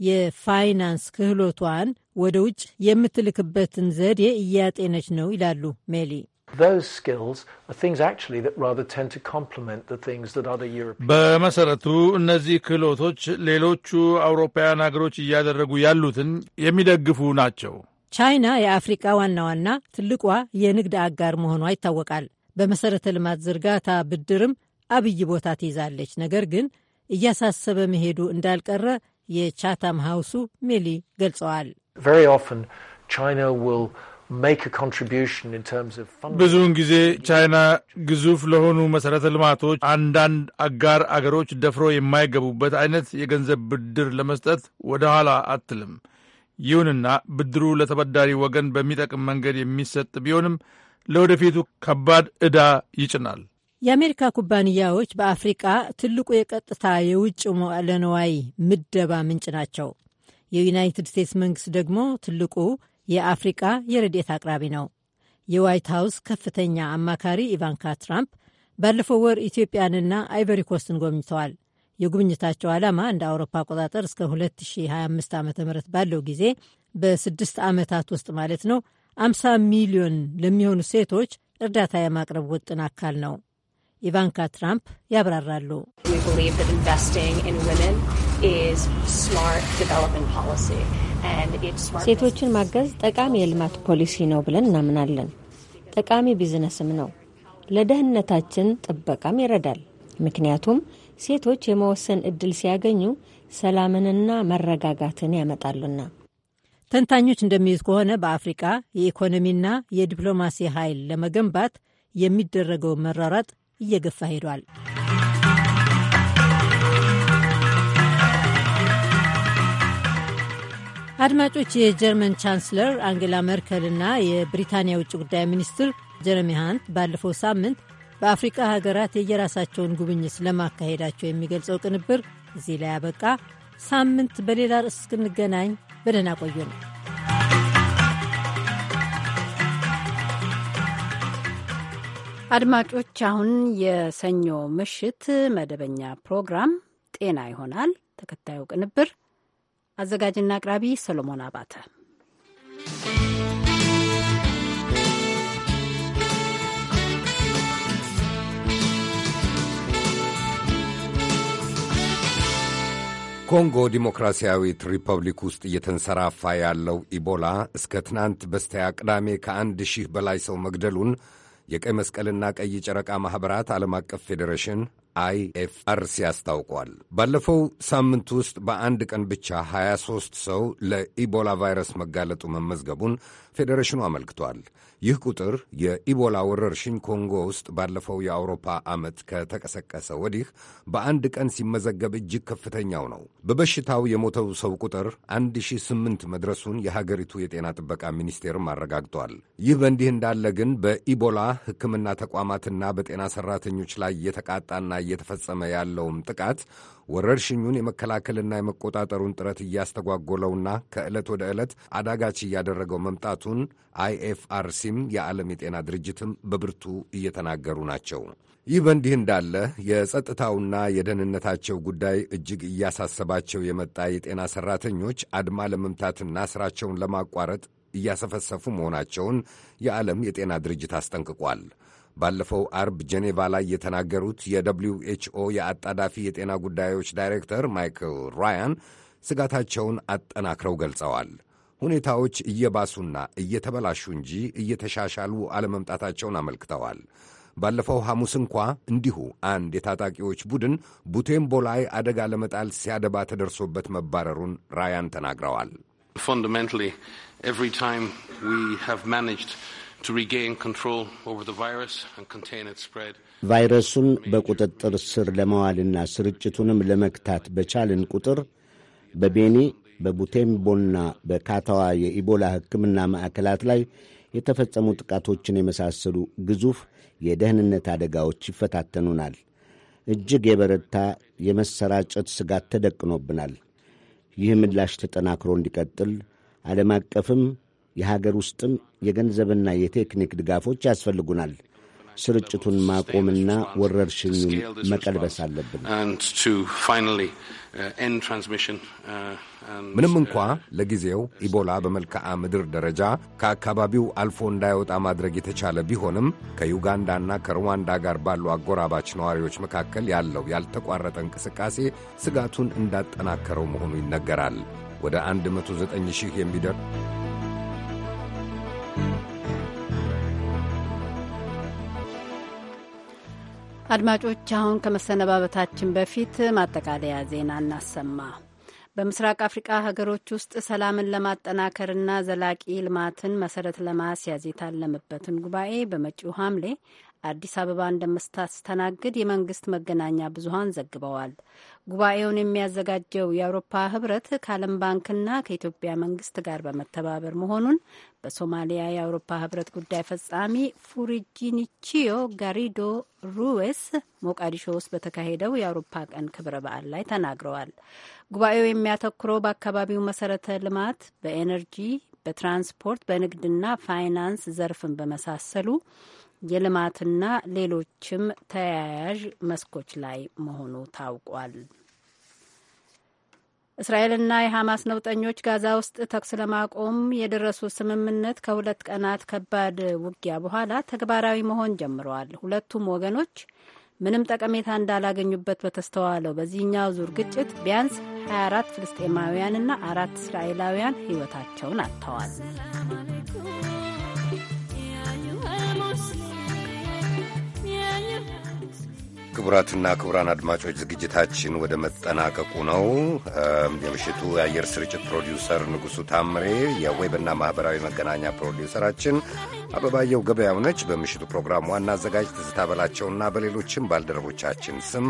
[SPEAKER 16] የፋይናንስ ክህሎቷን ወደ ውጭ የምትልክበትን ዘዴ እያጤነች ነው ይላሉ ሜሊ።
[SPEAKER 5] በመሰረቱ እነዚህ ክህሎቶች ሌሎቹ አውሮፓውያን ሀገሮች እያደረጉ ያሉትን የሚደግፉ ናቸው።
[SPEAKER 16] ቻይና የአፍሪቃ ዋና ዋና ትልቋ የንግድ አጋር መሆኗ ይታወቃል። በመሰረተ ልማት ዝርጋታ ብድርም አብይ ቦታ ትይዛለች። ነገር ግን እያሳሰበ መሄዱ እንዳልቀረ የቻታም ሀውሱ ሜሊ ገልጸዋል።
[SPEAKER 5] ብዙውን ጊዜ ቻይና ግዙፍ ለሆኑ መሠረተ ልማቶች አንዳንድ አጋር አገሮች ደፍሮ የማይገቡበት አይነት የገንዘብ ብድር ለመስጠት ወደ ኋላ አትልም። ይሁንና ብድሩ ለተበዳሪ ወገን በሚጠቅም መንገድ የሚሰጥ ቢሆንም ለወደፊቱ ከባድ ዕዳ ይጭናል።
[SPEAKER 16] የአሜሪካ ኩባንያዎች በአፍሪቃ ትልቁ የቀጥታ የውጭ መዋዕለ ንዋይ ምደባ ምንጭ ናቸው። የዩናይትድ ስቴትስ መንግስት ደግሞ ትልቁ የአፍሪቃ የረድኤት አቅራቢ ነው። የዋይት ሀውስ ከፍተኛ አማካሪ ኢቫንካ ትራምፕ ባለፈው ወር ኢትዮጵያንና አይቨሪ ኮስትን ጎብኝተዋል። የጉብኝታቸው ዓላማ እንደ አውሮፓ አቆጣጠር እስከ 2025 ዓ ም ባለው ጊዜ በስድስት ዓመታት ውስጥ ማለት ነው 50 ሚሊዮን ለሚሆኑ ሴቶች እርዳታ የማቅረብ ውጥን አካል ነው። ኢቫንካ ትራምፕ ያብራራሉ። ሴቶችን ማገዝ ጠቃሚ የልማት ፖሊሲ ነው ብለን እናምናለን። ጠቃሚ ቢዝነስም ነው። ለደህንነታችን ጥበቃም ይረዳል። ምክንያቱም ሴቶች የመወሰን እድል ሲያገኙ ሰላምንና መረጋጋትን ያመጣሉና። ተንታኞች እንደሚሉት ከሆነ በአፍሪቃ የኢኮኖሚና የዲፕሎማሲ ኃይል ለመገንባት የሚደረገው መራራጥ እየገፋ ሄዷል። አድማጮች፣ የጀርመን ቻንስለር አንጌላ መርከል እና የብሪታንያ ውጭ ጉዳይ ሚኒስትር ጀረሚ ሃንት ባለፈው ሳምንት በአፍሪቃ ሀገራት የየራሳቸውን ጉብኝት ለማካሄዳቸው የሚገልጸው ቅንብር እዚህ ላይ አበቃ ሳምንት በሌላ ርዕስ እስክንገናኝ በደህና ቆዩ ነው።
[SPEAKER 2] አድማጮች፣ አሁን የሰኞ ምሽት መደበኛ ፕሮግራም ጤና ይሆናል። ተከታዩ ቅንብር አዘጋጅና አቅራቢ ሰሎሞን አባተ።
[SPEAKER 1] ኮንጎ ዲሞክራሲያዊት ሪፐብሊክ ውስጥ እየተንሰራፋ ያለው ኢቦላ እስከ ትናንት በስቲያ ቅዳሜ ከአንድ ሺህ በላይ ሰው መግደሉን የቀይ መስቀልና ቀይ ጨረቃ ማኅበራት ዓለም አቀፍ ፌዴሬሽን አይኤፍአርሲ አስታውቋል። ባለፈው ሳምንት ውስጥ በአንድ ቀን ብቻ 23 ሰው ለኢቦላ ቫይረስ መጋለጡ መመዝገቡን ፌዴሬሽኑ አመልክቷል። ይህ ቁጥር የኢቦላ ወረርሽኝ ኮንጎ ውስጥ ባለፈው የአውሮፓ ዓመት ከተቀሰቀሰ ወዲህ በአንድ ቀን ሲመዘገብ እጅግ ከፍተኛው ነው። በበሽታው የሞተው ሰው ቁጥር 1008 መድረሱን የሀገሪቱ የጤና ጥበቃ ሚኒስቴርም አረጋግጧል። ይህ በእንዲህ እንዳለ ግን በኢቦላ ሕክምና ተቋማትና በጤና ሠራተኞች ላይ እየተቃጣና እየተፈጸመ ያለውም ጥቃት ወረርሽኙን የመከላከልና የመቆጣጠሩን ጥረት እያስተጓጎለውና ከዕለት ወደ ዕለት አዳጋች እያደረገው መምጣቱን አይኤፍአርሲም የዓለም የጤና ድርጅትም በብርቱ እየተናገሩ ናቸው። ይህ በእንዲህ እንዳለ የጸጥታውና የደህንነታቸው ጉዳይ እጅግ እያሳሰባቸው የመጣ የጤና ሠራተኞች አድማ ለመምታትና ሥራቸውን ለማቋረጥ እያሰፈሰፉ መሆናቸውን የዓለም የጤና ድርጅት አስጠንቅቋል። ባለፈው አርብ ጄኔቫ ላይ የተናገሩት የደብሊው ኤችኦ የአጣዳፊ የጤና ጉዳዮች ዳይሬክተር ማይክል ራያን ስጋታቸውን አጠናክረው ገልጸዋል። ሁኔታዎች እየባሱና እየተበላሹ እንጂ እየተሻሻሉ አለመምጣታቸውን አመልክተዋል። ባለፈው ሐሙስ እንኳ እንዲሁ አንድ የታጣቂዎች ቡድን ቡቴምቦ ላይ አደጋ ለመጣል ሲያደባ ተደርሶበት መባረሩን ራያን ተናግረዋል።
[SPEAKER 3] ቫይረሱን በቁጥጥር ስር ለመዋልና ስርጭቱንም ለመግታት በቻልን ቁጥር በቤኒ በቡቴምቦና በካታዋ የኢቦላ ሕክምና ማዕከላት ላይ የተፈጸሙ ጥቃቶችን የመሳሰሉ ግዙፍ የደህንነት አደጋዎች ይፈታተኑናል። እጅግ የበረታ የመሰራጨት ስጋት ተደቅኖብናል። ይህ ምላሽ ተጠናክሮ እንዲቀጥል ዓለም አቀፍም የሀገር ውስጥም የገንዘብና የቴክኒክ ድጋፎች ያስፈልጉናል። ስርጭቱን ማቆምና ወረርሽኙን መቀልበስ አለብን።
[SPEAKER 5] uh, uh, ምንም
[SPEAKER 3] እንኳ ለጊዜው ኢቦላ
[SPEAKER 1] በመልክዓ ምድር ደረጃ ከአካባቢው አልፎ እንዳይወጣ ማድረግ የተቻለ ቢሆንም ከዩጋንዳና ከሩዋንዳ ጋር ባሉ አጎራባች ነዋሪዎች መካከል ያለው ያልተቋረጠ እንቅስቃሴ ስጋቱን እንዳጠናከረው መሆኑ ይነገራል። ወደ 109 ሺህ የሚደርስ
[SPEAKER 2] አድማጮች አሁን ከመሰነባበታችን በፊት ማጠቃለያ ዜና እናሰማ። በምስራቅ አፍሪቃ ሀገሮች ውስጥ ሰላምን ለማጠናከርና ዘላቂ ልማትን መሰረት ለማስያዝ የታለመበትን ጉባኤ በመጪው ሐምሌ አዲስ አበባ እንደምታስተናግድ የመንግስት መገናኛ ብዙኃን ዘግበዋል። ጉባኤውን የሚያዘጋጀው የአውሮፓ ህብረት ከዓለም ባንክና ከኢትዮጵያ መንግስት ጋር በመተባበር መሆኑን በሶማሊያ የአውሮፓ ህብረት ጉዳይ ፈጻሚ ፉሪጂኒቺዮ ጋሪዶ ሩዌስ ሞቃዲሾ ውስጥ በተካሄደው የአውሮፓ ቀን ክብረ በዓል ላይ ተናግረዋል። ጉባኤው የሚያተኩረው በአካባቢው መሰረተ ልማት፣ በኤነርጂ፣ በትራንስፖርት፣ በንግድና ፋይናንስ ዘርፍን በመሳሰሉ የልማትና ሌሎችም ተያያዥ መስኮች ላይ መሆኑ ታውቋል። እስራኤልና የሐማስ ነውጠኞች ጋዛ ውስጥ ተኩስ ለማቆም የደረሱ ስምምነት ከሁለት ቀናት ከባድ ውጊያ በኋላ ተግባራዊ መሆን ጀምረዋል። ሁለቱም ወገኖች ምንም ጠቀሜታ እንዳላገኙበት በተስተዋለው በዚህኛው ዙር ግጭት ቢያንስ 24 ፍልስጤማውያንና አራት እስራኤላውያን ሕይወታቸውን አጥተዋል።
[SPEAKER 1] ክቡራትና ክቡራን አድማጮች ዝግጅታችን ወደ መጠናቀቁ ነው። የምሽቱ የአየር ስርጭት ፕሮዲውሰር ንጉሱ ታምሬ፣ የዌብና ማኅበራዊ መገናኛ ፕሮዲውሰራችን አበባየው ገበያው ነች። በምሽቱ ፕሮግራም ዋና አዘጋጅ ትዝታ በላቸውና በሌሎችም ባልደረቦቻችን ስም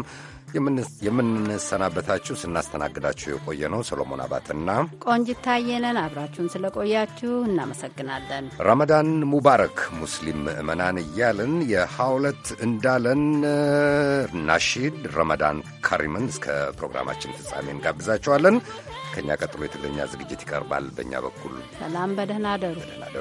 [SPEAKER 1] የምንሰናበታችሁ ስናስተናግዳችሁ የቆየ ነው ሰሎሞን አባትና
[SPEAKER 2] ቆንጂት ታየ አብራችሁን ስለቆያችሁ እናመሰግናለን።
[SPEAKER 1] ረመዳን ሙባረክ ሙስሊም ምዕመናን እያልን የሐውለት እንዳለን ናሺድ ረመዳን ካሪምን እስከ ፕሮግራማችን ፍጻሜ እንጋብዛችኋለን። ከእኛ ቀጥሎ የትግርኛ ዝግጅት ይቀርባል። በእኛ በኩል
[SPEAKER 2] ሰላም፣ በደህና አደሩ።